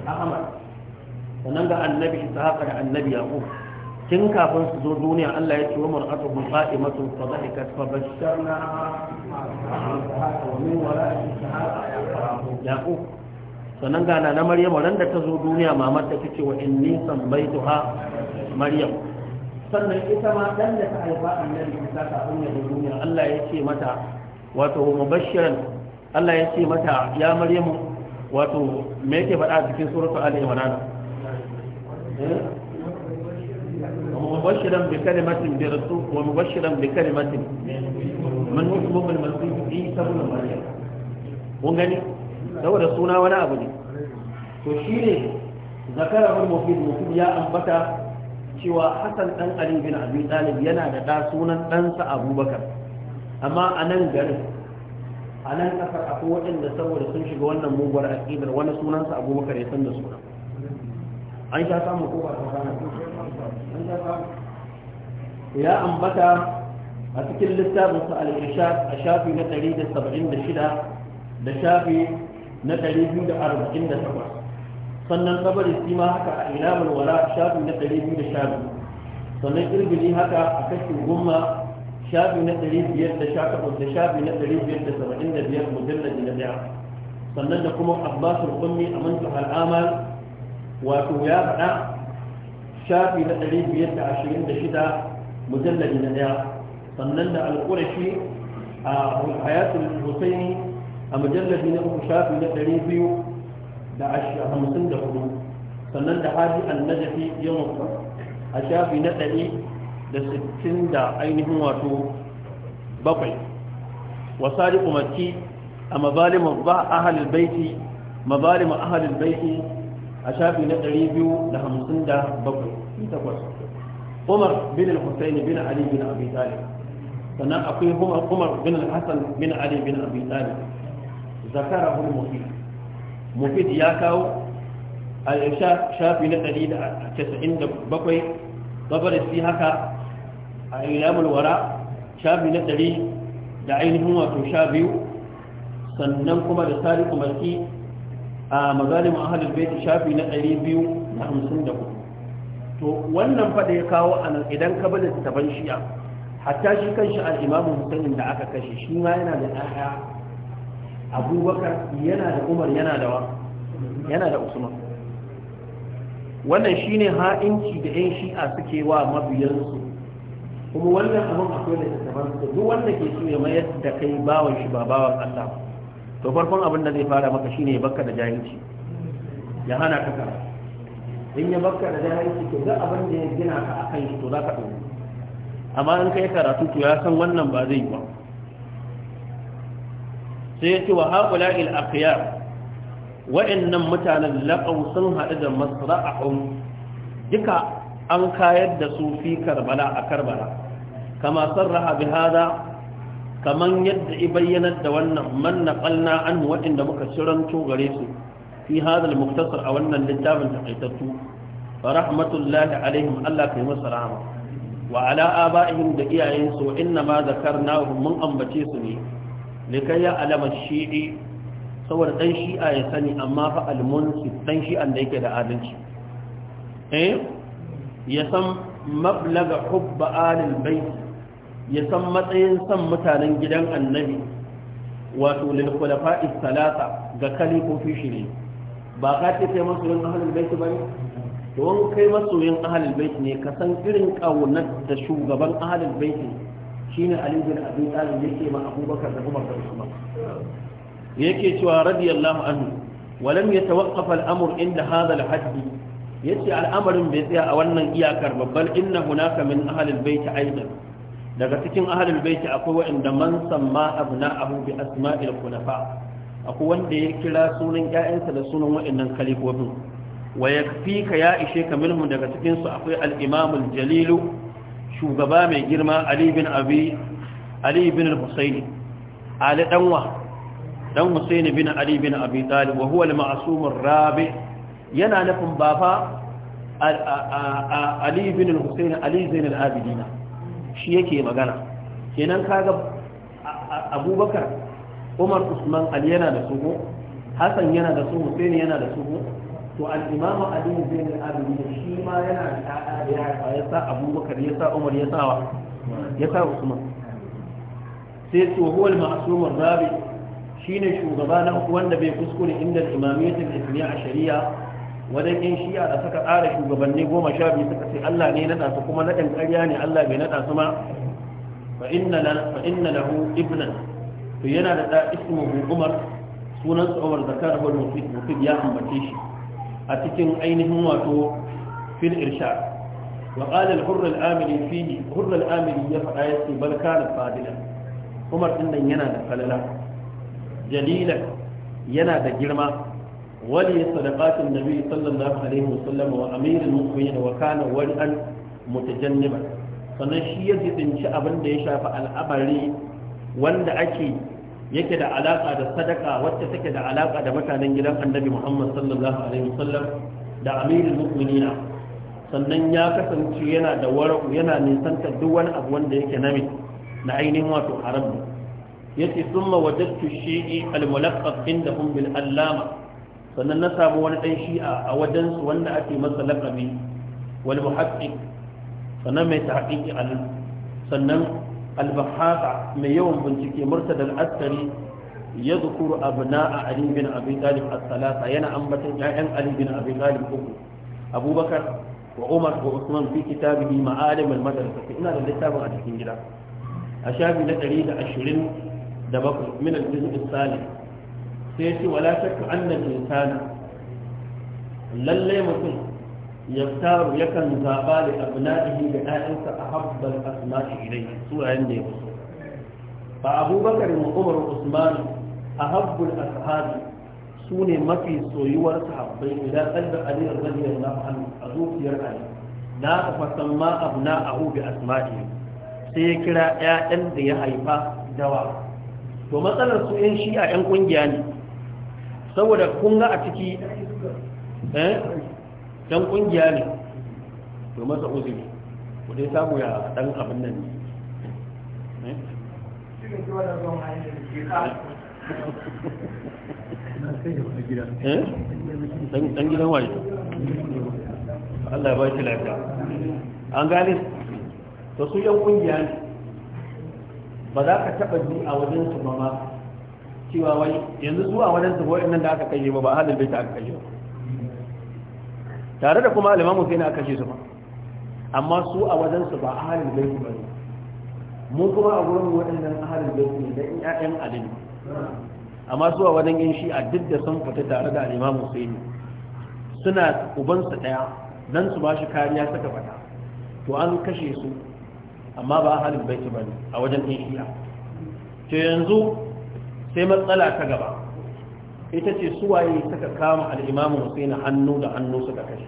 Ahmad sannan ga annabi Isa haka da annabi yaƙo? Kin kafin su zo duniya Allah ya ce wa mar'atuhu qa'imatun fa dhahikat fa basharna wa min wara'i shahada yaqub sannan gana na maryam ran ta zo duniya mamar ta ce wa inni sammaituha maryam sannan ita ma dan da ta haifa da ta kafin ya zo duniya Allah ya ce mata wato mubashiran Allah ya ce mata ya maryam wato me yake faɗa cikin suratu ali imran ومبشرا eh? بكلمة saboda suna wani abu ne to shi shine zakarahul mafi-mafi ya ambata cewa Hassan dan Ali bin Abi Talib yana da da sunan ɗansa Abubakar amma a nan garin a nan kasar akwai da saboda sun shiga wannan muguwar aƙidar wani sunansa Abubakar ya san da suna an sha samun ko ba ta samu an ya ambata a cikin littafin sa al-irshad a shafi na 176 da shafi na 248 sannan tabari shi ma haka a ilamul wala shafi na 212 sannan irbili haka a kashin goma shafi na 518 da shafi na 575 mujallaji na daya sannan da kuma abbasul ummi a mantu al'amal wato ya faɗa shafi na 526 mujallaji na daya sannan da alƙurashi a hayatul husaini a mujallabi na uku shafi na ɗari biyu da hamsin da hudu sannan da hadi annajafi ya mutu a shafi na ɗari da sittin da ainihin wato bakwai wasari umarci a mabalimin ba a halin baiti mabalimin a halin baiti a shafi na ɗari biyu da hamsin da bakwai umar bin al-husayn bin ali bin abi talib sannan akwai umar bin al-hasan bin ali bin abi talib zakarahu mufid mufid ya kawo al-irshad shafi na 197 tabarisi haka a ilamul wara shafi na 100 da ainihin wato sha biyu sannan kuma da tariku malki a mazalim ahalul baiti shafi na 254 to wannan fada ya kawo nan idan ka bada taban shi'a hatta shi kanshi a imamu da aka kashe shi yana da ɗaya abubakar yana da umar yana da wa yana da usman wannan shine ha'inci da yan shi'a suke wa mabiyansu kuma wannan abin akwai da tattaban su duk wanda ke so ya mayar da kai bawan shi ba bawan Allah to farkon abin da zai fara maka shine ya bakka da jahilci ya hana ka kara in ya bakka da jahilci to duk abin da ya gina ka akan shi to za ka ɗauki amma in kai karatu to ya san wannan ba zai yi ba sai ce wa haƙula il'afiyar Waɗannan mutanen laƙau sun haɗu da masra'ahun duka an kayar da su fi karbala a karbala kama sarraha bi hada kaman yadda i bayyanar da wannan man naqalna an waɗanda muka ciranto gare su fi hada al-muktasar a wannan littafin takaitattu fa rahmatullahi alaihim Allah yi masa rahama wa ala aba'ihim da iyayensu wa inna ma zakarnahu mun ambace su ne likai ya alama shi'i saboda dan shi'a ya sani amma fa almunsi dan shi'an da yake da adalci eh ya san mablaga hubba alil bai ya san matsayin san mutanen gidan annabi wato lil khulafa'i ga kalifofi shi ne ba ka ce kai masoyin ahlul bait bane Wani kai masoyin ahlul bai ne ka san irin kaunar da shugaban ahlul bai ne shine Ali bin Abi Talib yake ma Abubakar da Umar da Usman yake cewa radiyallahu anhu walam yatawaqqaf al-amr inda hadha al-hadd yace al'amarin bai tsaya a wannan iyakar babbal inna hunaka min ahli al-bayt aidan daga cikin ahli al-bayt akwai wanda man samma abna'ahu bi asma'il khulafa akwai wanda ya kira sunan ƴaƴansa da sunan wa'annan kalifofin wa yakfika ya ishe ka daga cikin su akwai al-imam al shugaba mai girma ali bin abi ali bin al-husayn ali danwa dan husayn bin ali bin abi talib wa huwa al-ma'sum ar yana nufin bafa ali bin al-husayn ali zain al-abidin shi yake magana kenan kaga abubakar umar usman ali yana da su Hassan yana da su husayn yana da su to al-imam ali bin abi shi ma yana da ya ya sa abubakar ya sa umar ya sa ya sa usman sai to huwa al-ma'sum ar-rabi shine shugaba na uku wanda bai kuskure inda al-imamiyyah a shari'a wadan yan shi'a da suka tsara shugabanni goma sha biyu suka ce Allah ne na su kuma na nadan ƙarya ne Allah bai nada su ma fa inna la fa inna lahu ibnan to yana da da ismuhu umar sunan umar zakar wal mufid mufid ya ambace shi a cikin ainihin wato fil irshad wa qala al-hurr al-amili fihi hurr al-amili ya faɗa yace bal kana fadila Umar din nan yana da falala jalila yana da girma wali sadaqatin nabi sallallahu alaihi wasallam wa amirul mu'minin wa kana wali'an mutajanniba sannan shi ya jidinci abin da ya shafi al'amari wanda ake yake da alaƙa da sadaka wacce take da alaƙa da mutanen gidan annabi Muhammad sallallahu alaihi wasallam da amirul mu'minina sannan ya kasance yana da wara'u yana nisanta duk wani abu wanda yake nami na ainihin wato haram yace summa wajadtu shi'i al-mulaqqab indahum bil allama sannan na samu wani dan shi'a a wajen su wanda ake masa laqabi wal muhaqqiq sannan mai tahqiqi al sannan al mai yawan bincike murtad da askari ya zukuru abna a ali bin abi talib as-salasa yana ambatar 'ya'yan ali bin abi talib uku abubakar wa umar wa usman fi kitabihi ma'alim al-madrasa ina da littafin a cikin gida a shafi na 127 min al-juz' al-salis sai ya ce wala shakka anna al-insana lalle mutum yaftaru yakan zaba da abna'ihi da ƴaƴansa a habbal asma'i ilai suwayen da ya fi fa abubakar da usman a habbul ashabi su ne mafi soyuwar sahabbai idan kalba ali radiyallahu anhu a zuciyar ali na fa samma abna'ahu bi asma'i sai ya kira 'ya'yan da ya haifa dawa to matsalar su ƴan shi'a 'yan kungiya ne saboda kun a ciki dan kungiya ne to masa uzuri ku dai samu ya dan abin nan ne eh? Eh? dan gidan waje Allah ba shi lafiya an gane to su yan kungiya ne ba za ka taba ji a wajen su ba ma cewa wai yanzu zuwa wajen su ko nan da aka kai ba ba halin bai ta aka kai ba tare da kuma alimamu sai na aka su ba amma su a wajen su ba ahalin baiti ba ne mu kuma a gurin waɗannan ahalin baiti ne da ƴaƴan alimi amma su a wajen yin shi a duk da sun fita tare da alimamu sai ne suna ubansu ɗaya dan su bashi shi kariya suka fata to an kashe su amma ba ahalin baiti ba ne a wajen yin shi'a to yanzu sai matsala ta gaba ita ce suwaye suka kama al'imamu husaini hannu da hannu suka kashe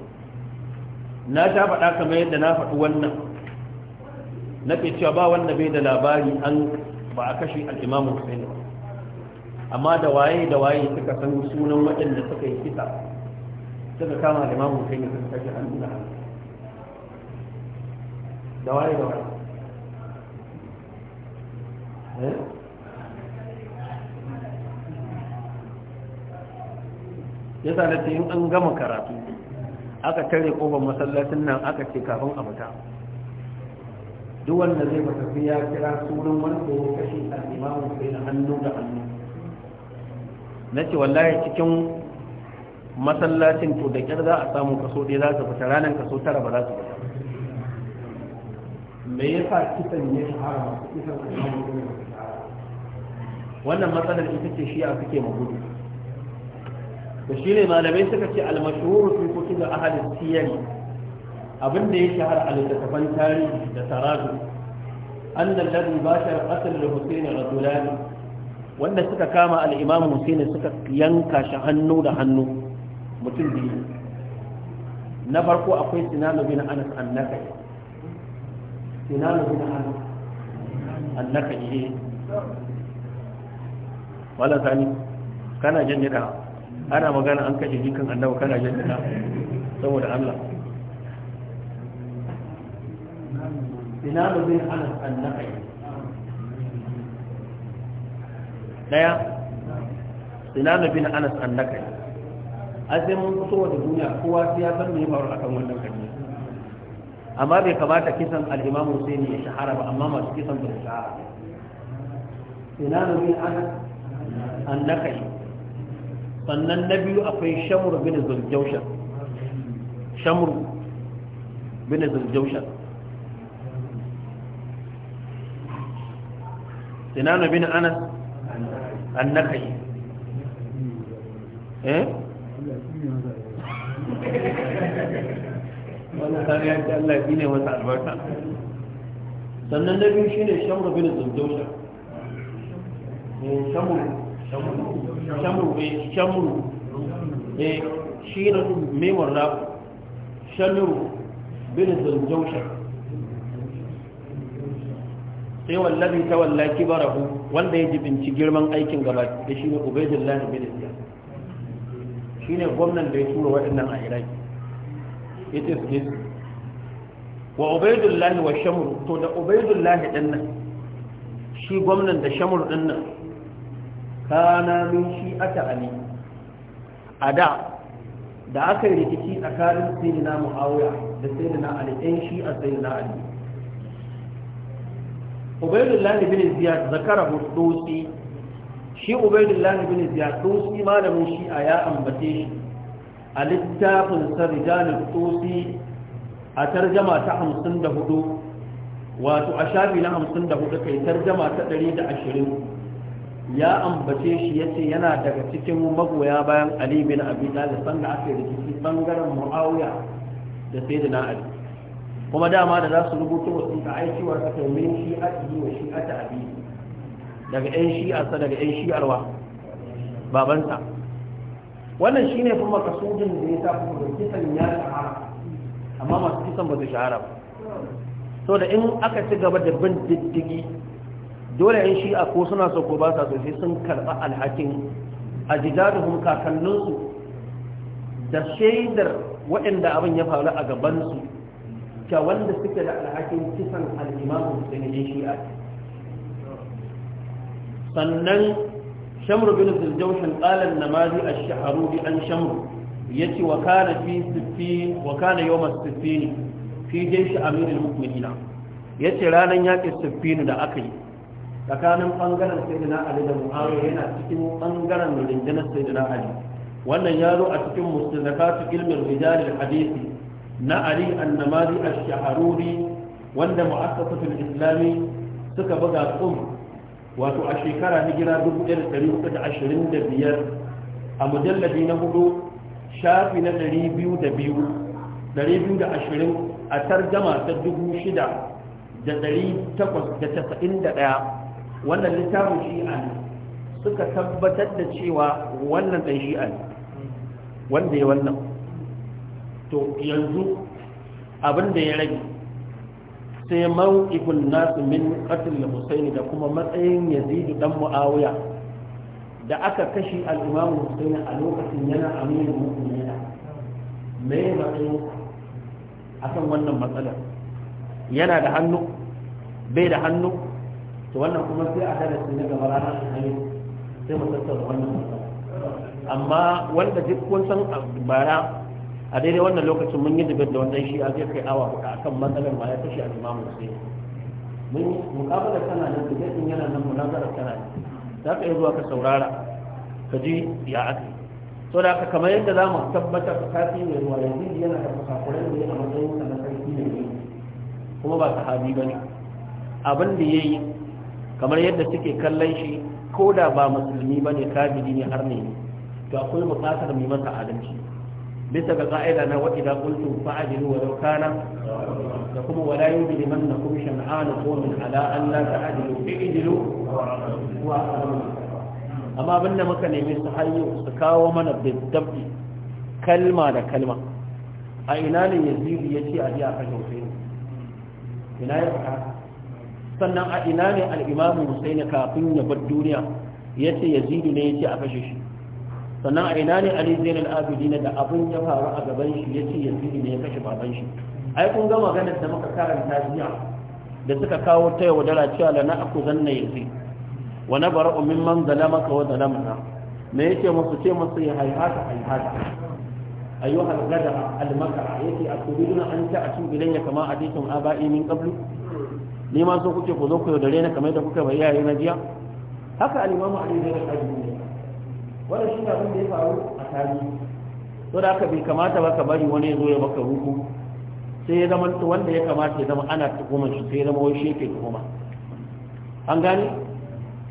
na sha faɗa kamar yadda na faɗi wannan na ke cewa ba wanda bai da labari an ba a kashe al'imamu husaini ba amma da waye da waye suka san sunan waɗanda suka yi kisa suka kama al'imamu husaini suka kashe hannu da hannu da waye da waye eh? yasa na ce in an gama karatu aka tare kofar masallacin nan aka ce kafin a fita duk wanda zai tafi ya kira sunan ko kashi a imamu sai na hannu da hannu na ce wallahi cikin masallacin to da kyar za a samu kaso ɗaya za su fita ranar kaso tara ba za su fita me sa kisan ya shahara masu kisan al'imamu wannan matsalar ita ce shi a suke magudu da shi ne malamai suka ce almashuru fi kutu da ahalin siyari abin da ya shahara a littattafan tarihi da taradu an da ladin bashar asali da husaini rasulani wanda suka kama al'imamu Hussein suka yanka shi hannu da hannu mutum biyu na farko akwai sinanu bin anas annaka sinanu bin anas annaka ne eh. wala sani kana jin nida ana magana an kashe jikan annabi kana jaddada saboda Allah ina da zai ana annabi daya sinana bin anas annaka a sai mun fito da duniya kowa sai ya san me ya akan wannan kanya amma bai kamata kisan al-imam Husaini ya shahara ba amma masu kisan da shahara sinana bin anas annaka sannan na biyu akwai shamur bin zuljaushan shamur bin zuljaushan sinanu bin anas annakai eh Wani ya ce Allah fi ne wata albarka sannan na biyu shi ne shamur bin zuljaushan eh, shamru eh shamru eh shira mai warra shamru bin zuljausha sai wallabi ta wallaki barahu wanda ya jibinci girman aikin gaba da shi ne ubaidullahi bin ziyar shi ne gwamnan da ya tura waɗannan a iraki it is this wa ubaidullahi wa shamru to da ubaidullahi ɗin nan shi gwamnan da shamru ɗin nan kana min shi aka ali a da da aka yi rikici tsakanin sayyidina muawiya da sayyidina ali ɗan shi'a sayyidina ali ubaydullah ibn ziyad zakara hudusi shi ubaydullah ibn ziyad tusi malamin shi a ya ambace shi a littafin sa rijalul a tarjama ta 54 wato a shafi na 54 kai tarjama ta 120 ya ambace shi ya ce yana daga cikin magoya bayan ali bin abi talib sanda aka yi rikici bangaren muawiya da sayyidina ali kuma dama da za su rubuta wasu ta aikiwar ta kai min shi a ji wa shi a ta abi daga a sa daga shi arwa babansa wannan shine fa makasudin da ya tafi da kisan ya shahara amma masu kisan ba su shahara ba so da in aka ci gaba da bin diddigi dole yan shi'a ko suna so ko ba sa so sai sun karɓa alhakin ajidaduhum kakanninsu da shaidar waɗanda abin ya faru a gabansu ta wanda suke da alhakin kisan al'imamu da ne a sannan shamru bin zuljaushin ƙalar namazi a shaharu bi an shamru ya ce wa kana fi siffi wa kana yau masu siffi ne fi amirin ya ce ranar yaƙin siffi da aka yi tsakanin bangaren sayyidina ali da muawiya yana cikin bangaren rundunar sayyidina ali wannan ya zo a cikin mustadakatu ilmin rijalil hadisi na ali annamari a shaharuri wanda mu'assasatul islami suka buga tsum wato a shekara hijira 1425 a mujalladi na hudu shafi na 220 a tarjama ta 6891 wannan littafin shi'a ne suka tabbatar da cewa wannan ɗan shi'a ne wanda ya wannan to yanzu abin da ya rage sai mawqifun nasu min qatl Husaini da kuma matsayin Yazid dan Muawiya da aka kashe al-Imam Husaini a lokacin yana amirul yana. me matsayin akan wannan matsalar yana da hannu bai da hannu to wannan kuma sai a darasi na gaba ranar alhamis sai mu tattauna wannan amma wanda duk kun san bara a daidai wannan lokacin mun yi dubin da wannan shi a zai kai awa huɗu kan matsalar ma ya kashe a imamu sai mun mukabala tana duk dubin yana nan munazara tana da za ka iya zuwa ka saurara ka ji ya aka so da aka kamar yadda za mu tabbatar ka kafi mai ruwa yanzu yana da kusakuren da ya a matsayin sa na sarki ne kuma ba sahabi ba ne abin da ya yi kamar yadda suke kallon shi ko da ba musulmi ba ne kafiri ne har ne to akwai buƙatar mai masa adalci bisa ga ka'ida na wa'ida qultu fa'dilu wa law kana da kuma wala yujri man nakum shan'an qawmin ala an la ta'dilu bi'dilu wa amma abin da muka nemi su hayyo su kawo mana bidabbi kalma da kalma a ina ne yazidu yace a ji a kashe ina ya faɗa sannan a ina ne al'imamu husaini kafin ya bar duniya ya ce yazidu ne ya ce a kashe shi sannan a ina ne ali zain na da abin ya faru a gaban shi ya ce yazidu ne ya kashe baban shi ai kun ga maganar da muka karanta jiya da suka kawo ta yau dala cewa la na aku zanna yazi wa na bara'u mimman zalamaka wa zalamna me yake musu ce musu ya haihata haihata أيها الغدر المكر يأتي أكبرنا أنت أتوب إلي كما أتيتم آبائي min قبل ni ma so kuke ku zo ku yaudare na kamar da kuka bai iyaye na jiya haka alimamu ali zai rika ne wannan shi ne abin da ya faru a tarihi to da aka bai kamata ba ka bari wani ya zo ya baka ruku sai ya zama wanda ya kamata ya zama ana tuhumar shi sai ya zama wai shi yake tuhuma an gane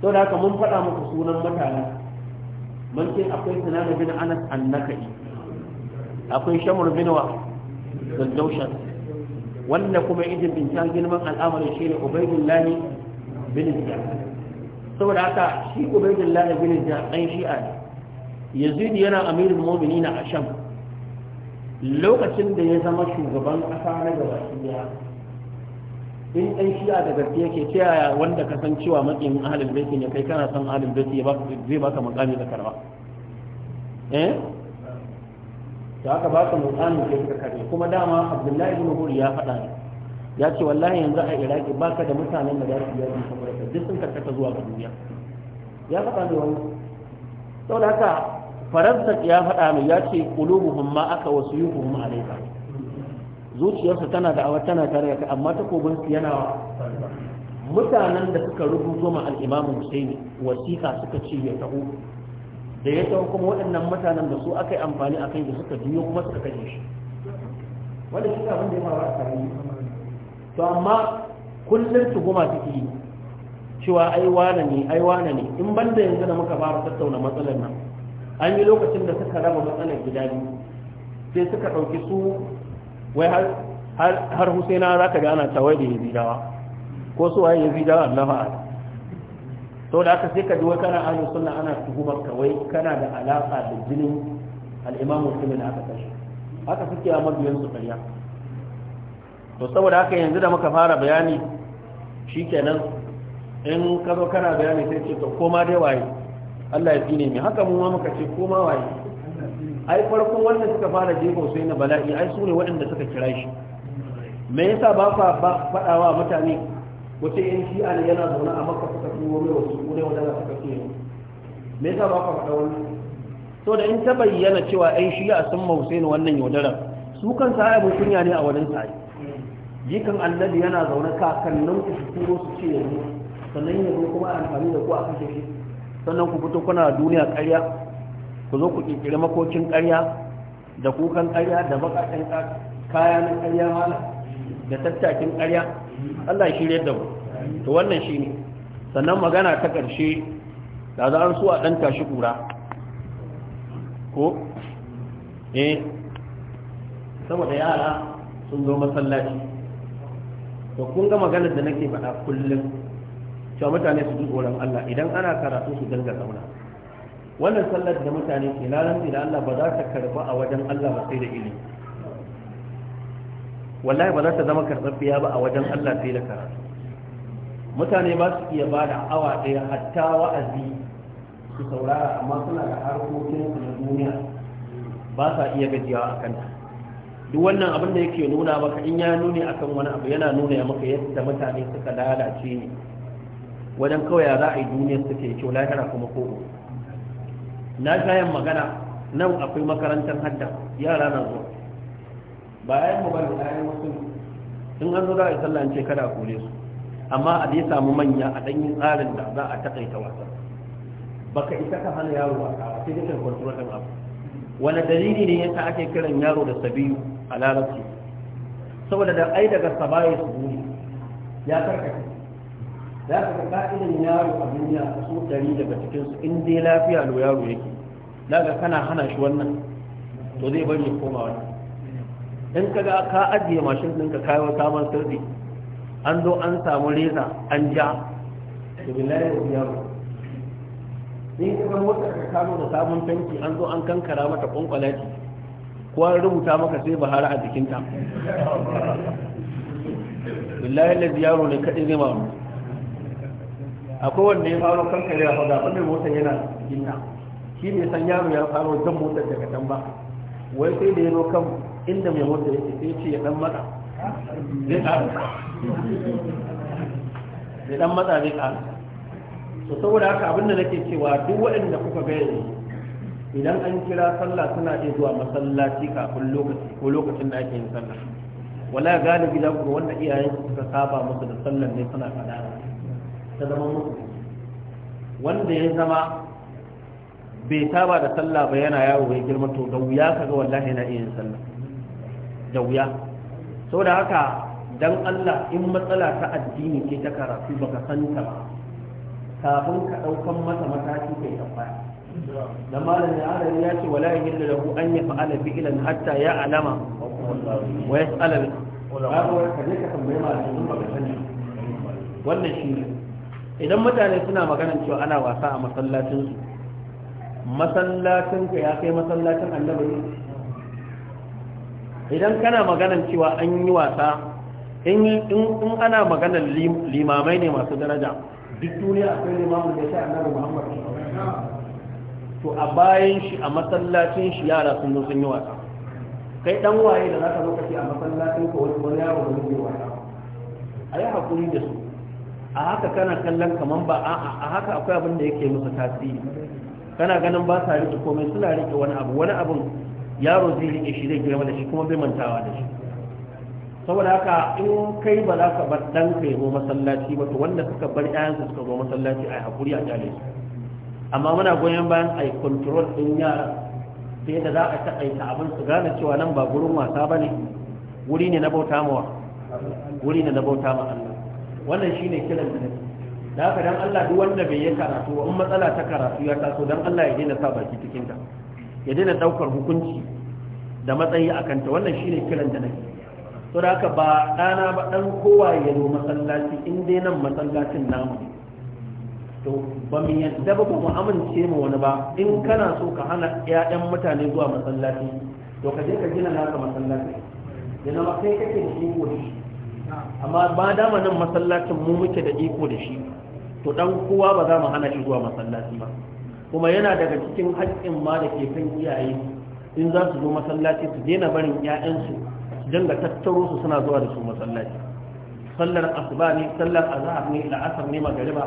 to da aka mun faɗa muku sunan mutane mun ce akwai sinadar bin anas annakai akwai shamur bin wa zaljaushan wanda kuma idin binta girman al'amarin shi ne ubaidullahi bin jihar saboda haka shi ubaidullahi bin jihar ɗan shi'a ne yazid yana amirin momini na asham lokacin da ya zama shugaban ƙasa na gaba shiya in ɗan shi'a da gaske yake ta yaya wanda ka san cewa matsayin ahalin baiti ne kai kana son ahalin baiti zai baka mukami da karba eh to aka ba ka mutsamin kai ka kare kuma dama abdullahi ibn hur ya faɗa ne ya ce wallahi yanzu a iraki ka da mutanen da za su yi yaji saboda ka duk sun karkata zuwa ga duniya ya faɗa ne wani saboda haka faransa ya faɗa ne ya ce qulubuhum ma aka wasu yi yuhum alayka Zuciyarsa tana da awa tana tare da amma ta kogon yana mutanen da suka rubuto ma al-imam Husaini wasiƙa suka ce ya taho. da ya tawo kuma waɗannan mutanen da su aka yi amfani a kai da suka biyo kuma suka kaje shi wanda shi abin da ya faru a tarihi to amma kullum goma take yi cewa ai wane ne ai wane ne in banda yanzu da muka fara tattauna matsalar nan an yi lokacin da suka raba matsalar gida biyu sai suka ɗauki su wai har husaina za ka ga ana tawai da yazidawa ko su waye yazidawa Allah fa'ala da aka sai ka ji wai kana ahlus sunna ana tuhumar ka wai kana da alaka da jinin al-imamu da aka kashe haka suke a mabiyan su ƙarya to saboda haka yanzu da muka fara bayani shikenan in ka zo kana bayani sai ce to koma dai waye Allah ya tsine mai haka mu ma muka ce koma waye ai farkon wannan suka fara jefa sai na bala'i ai su ne waɗanda suka kira shi me yasa ba fa faɗawa mutane Wata yan shi'a ne yana zaune a maka suka fi mai wasu kudai wadanda da suka turo me yasa ba ka faɗa wani? to da in ta bayyana cewa yan a sun mausai ne wannan yaudara su kan ya abin kunya ne a wajen yi jikan annabi yana zaune kakannin ku su turo su ce yanzu sannan yanzu kuma a amfani da ku a kashe shi sannan ku fito kuna duniya ƙarya ku zo ku ƙirƙiri makokin ƙarya da kukan ƙarya da baƙaƙen kaya na ƙarya malam da tattakin ƙarya Allah ya shirya da mu to wannan shi ne. sannan magana ta ƙarshe da za an so a ɗan tashi ƙura ko eh saboda yara sun zo masallaci to kun ga maganar da nake faɗa kullum cewa mutane su ji tsoron Allah idan ana karatu su danga zauna wannan sallar da mutane ke lalanci da Allah ba za ta karba a wajen Allah ba sai da ilimi wallahi ba za ta zama karɓaɓɓiya ba a wajen Allah sai da karatu mutane ba su iya ba da awa ɗaya hatta wa'azi su saurara amma suna da harkokin su na duniya ba sa iya gajiyawa a kanta duk wannan abin da yake nuna maka in ya nuni akan wani abu yana nuna ya maka yadda mutane suka lalace ne wajen kawai ya za a yi duniya suke kyau lahira kuma ko na shayan magana nan akwai makarantar hadda yara na zuwa ba yi mu ya yi wasu in an zo da sallah ce kada kore su amma a dai samu manya a ɗanyen tsarin da za a takaita wasan baka isa ka hana yaro a sai dai kwartura abu wani dalili ne yasa ake kiran yaro da sabiyu a larabci saboda da ai daga sabayi su buri ya karkace za ka ga ka'idan yaro a duniya a so dari daga cikin su in dai lafiya lo yaro yake ka kana hana shi wannan to zai bari ya koma wannan in ka ga ka ajiye mashin ɗinka kayo samun sirri an zo an samu reza an ja da bilayar yaro in ka ga wata ka samu da sabon fenti an zo an kankara mata kwankwalaci ko an rubuta maka sai bahara a jikinta billahi lazi yaro ne kaɗai zai mamu akwai wanda ya faro kankare a hauda wanda motar yana jikinta shi ne san yaro ya faro jan motar daga can ba wai sai da ya zo kan inda mai mota ya ce sai ce ya dan matsa zai ƙara zai dan matsa zai ƙara so saboda haka abin da nake cewa duk waɗanda kuka ga yanzu idan an kira sallah suna iya zuwa masallaci kafin lokaci ko lokacin da ake yin sallah wala galibi da ku wanda iyayen su suka saba musu da sallar ne suna kada ta zama musu wanda ya zama bai saba da sallah ba yana yawo bai girma to da wuya kaga wallahi na iya yin sallah da wuya da haka dan Allah in matsala ta addini ke ta karatu baka santa ba kafin ka daukan masa mataki kai tabbaya da malam ya ya ce wala yahillu lahu an bi ilan hatta ya alama wa yas'ala bi babu ka je ka tambaye malamin baka sani wannan shi idan mutane suna maganar cewa ana wasa a masallacinsu masallacin ka ya kai masallacin annabi idan kana maganan cewa an yi wasa in ana maganan limamai ne masu daraja duk duniya akwai limamin da ya sha annabi muhammad to a bayan shi a masallacin shi yara sun sun yi wasa kai dan waye da zaka lokaci a masallacin ka wani wani yaro da zai wasa a yi hakuri da su a haka kana kallon kaman ba a haka akwai abin da yake musu tasiri kana ganin ba sa rike komai suna rike wani abu wani abun yaro zai rike shi zai girma da shi kuma bai mantawa da shi saboda haka in kai ba za ka bar ɗanka ya zo masallaci ba to wanda suka bar ƴaƴansu suka zo masallaci a hakuri a kyale su amma muna goyon bayan a yi control ɗin yara sai da za a taƙaita abin su gane cewa nan ba gurin wasa ba ne wuri ne na bauta mawa wuri ne na bauta ma Allah wannan shine kiran da nake da haka dan Allah duk wanda bai yi karatu ba in matsala ta karatu ya taso dan Allah ya daina sa baki cikin ta ya daina daukar hukunci da matsayi a kanta wannan shine kiran da nake to da haka ba ɗana ba ɗan kowa ya zo masallaci in dai nan masallacin namu to ba mu yadda ba mu amince mu wani ba in kana so ka hana ƴaƴan mutane zuwa masallaci to ka je ka gina naka masallaci yana ma kai kake da iko da shi amma ba dama nan masallacin mu muke da iko da shi to dan kowa ba za mu hana shi zuwa masallaci ba kuma yana daga cikin haƙƙin ma da ke kan iyaye in za su zo masallaci su daina barin 'ya'yansu su dinga tattaro su suna zuwa da su masallaci sallar asuba ne sallar azhar ne la'asar ne magariba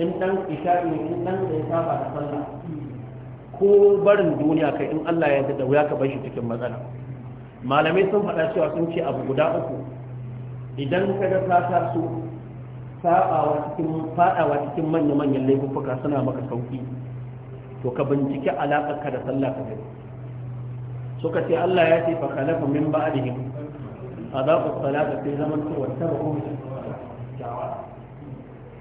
in dan isha ne in dan ya saba da sallah ko barin duniya kai in Allah ya yarda da wuya ka bar shi cikin matsala malamai sun faɗa cewa sun ce abu guda uku idan ka ga ka taso sabawa cikin fadawa cikin manya-manyan laifuka suna maka sauki to ka bincike alaƙar ka da sallah ka gani suka ce Allah ya ce fa khalafa min ba'dihim adaqu salata fi zaman wa wattaba'u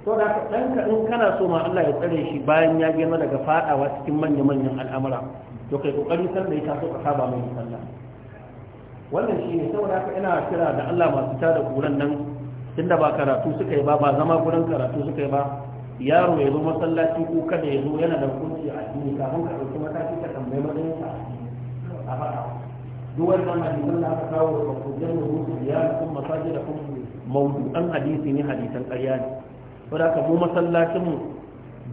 to da dan ka in kana so ma Allah ya tsare shi bayan ya gema daga fadawa cikin manyan manyan al'amura to kai kokari san da ya so ka saba mai sallah wannan shi ne saboda ka ina kira da Allah masu tada kuran nan tunda ba karatu suka yi ba ba zama gurin karatu suka yi ba yaro ya zo masallaci ko kada ya zo yana da hukunci a cikin kafin ka ɗauki mataki ka tambayi sa. a faɗa duk wannan hadisan da aka kawo da makujan da musu biya kun masaji da kun maudu'an hadisi ne hadisan ƙarya ne saboda haka mu masallacin mu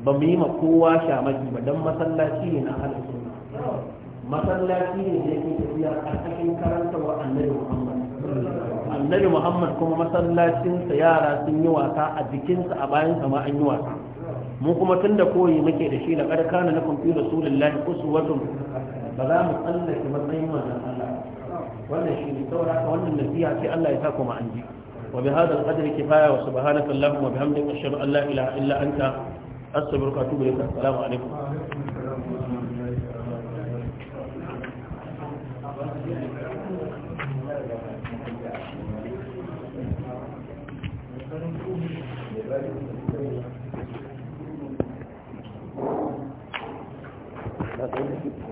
ba mu yi ma kowa shamaki ba dan masallaci ne na ahlus sunna masallaci ne da yake tafiya a cikin karanta wa annabi Muhammad annabi Muhammad kuma masallacinsa yara sun yi wasa a jikinsa a bayansa ma an yi wasa mu kuma tun da koyi muke da shi na ƙarƙa na na kwamfi rasulullahi usuwatun فلام الله كما تقيموا الله ولا شيء تورك ولا النبي في الله يفاكم عندي وبهذا القدر كفاية وسبحانك اللهم وبحمدك أشهد أن لا إله إلا أنت أستغفرك وأتوب لك السلام عليكم Gracias.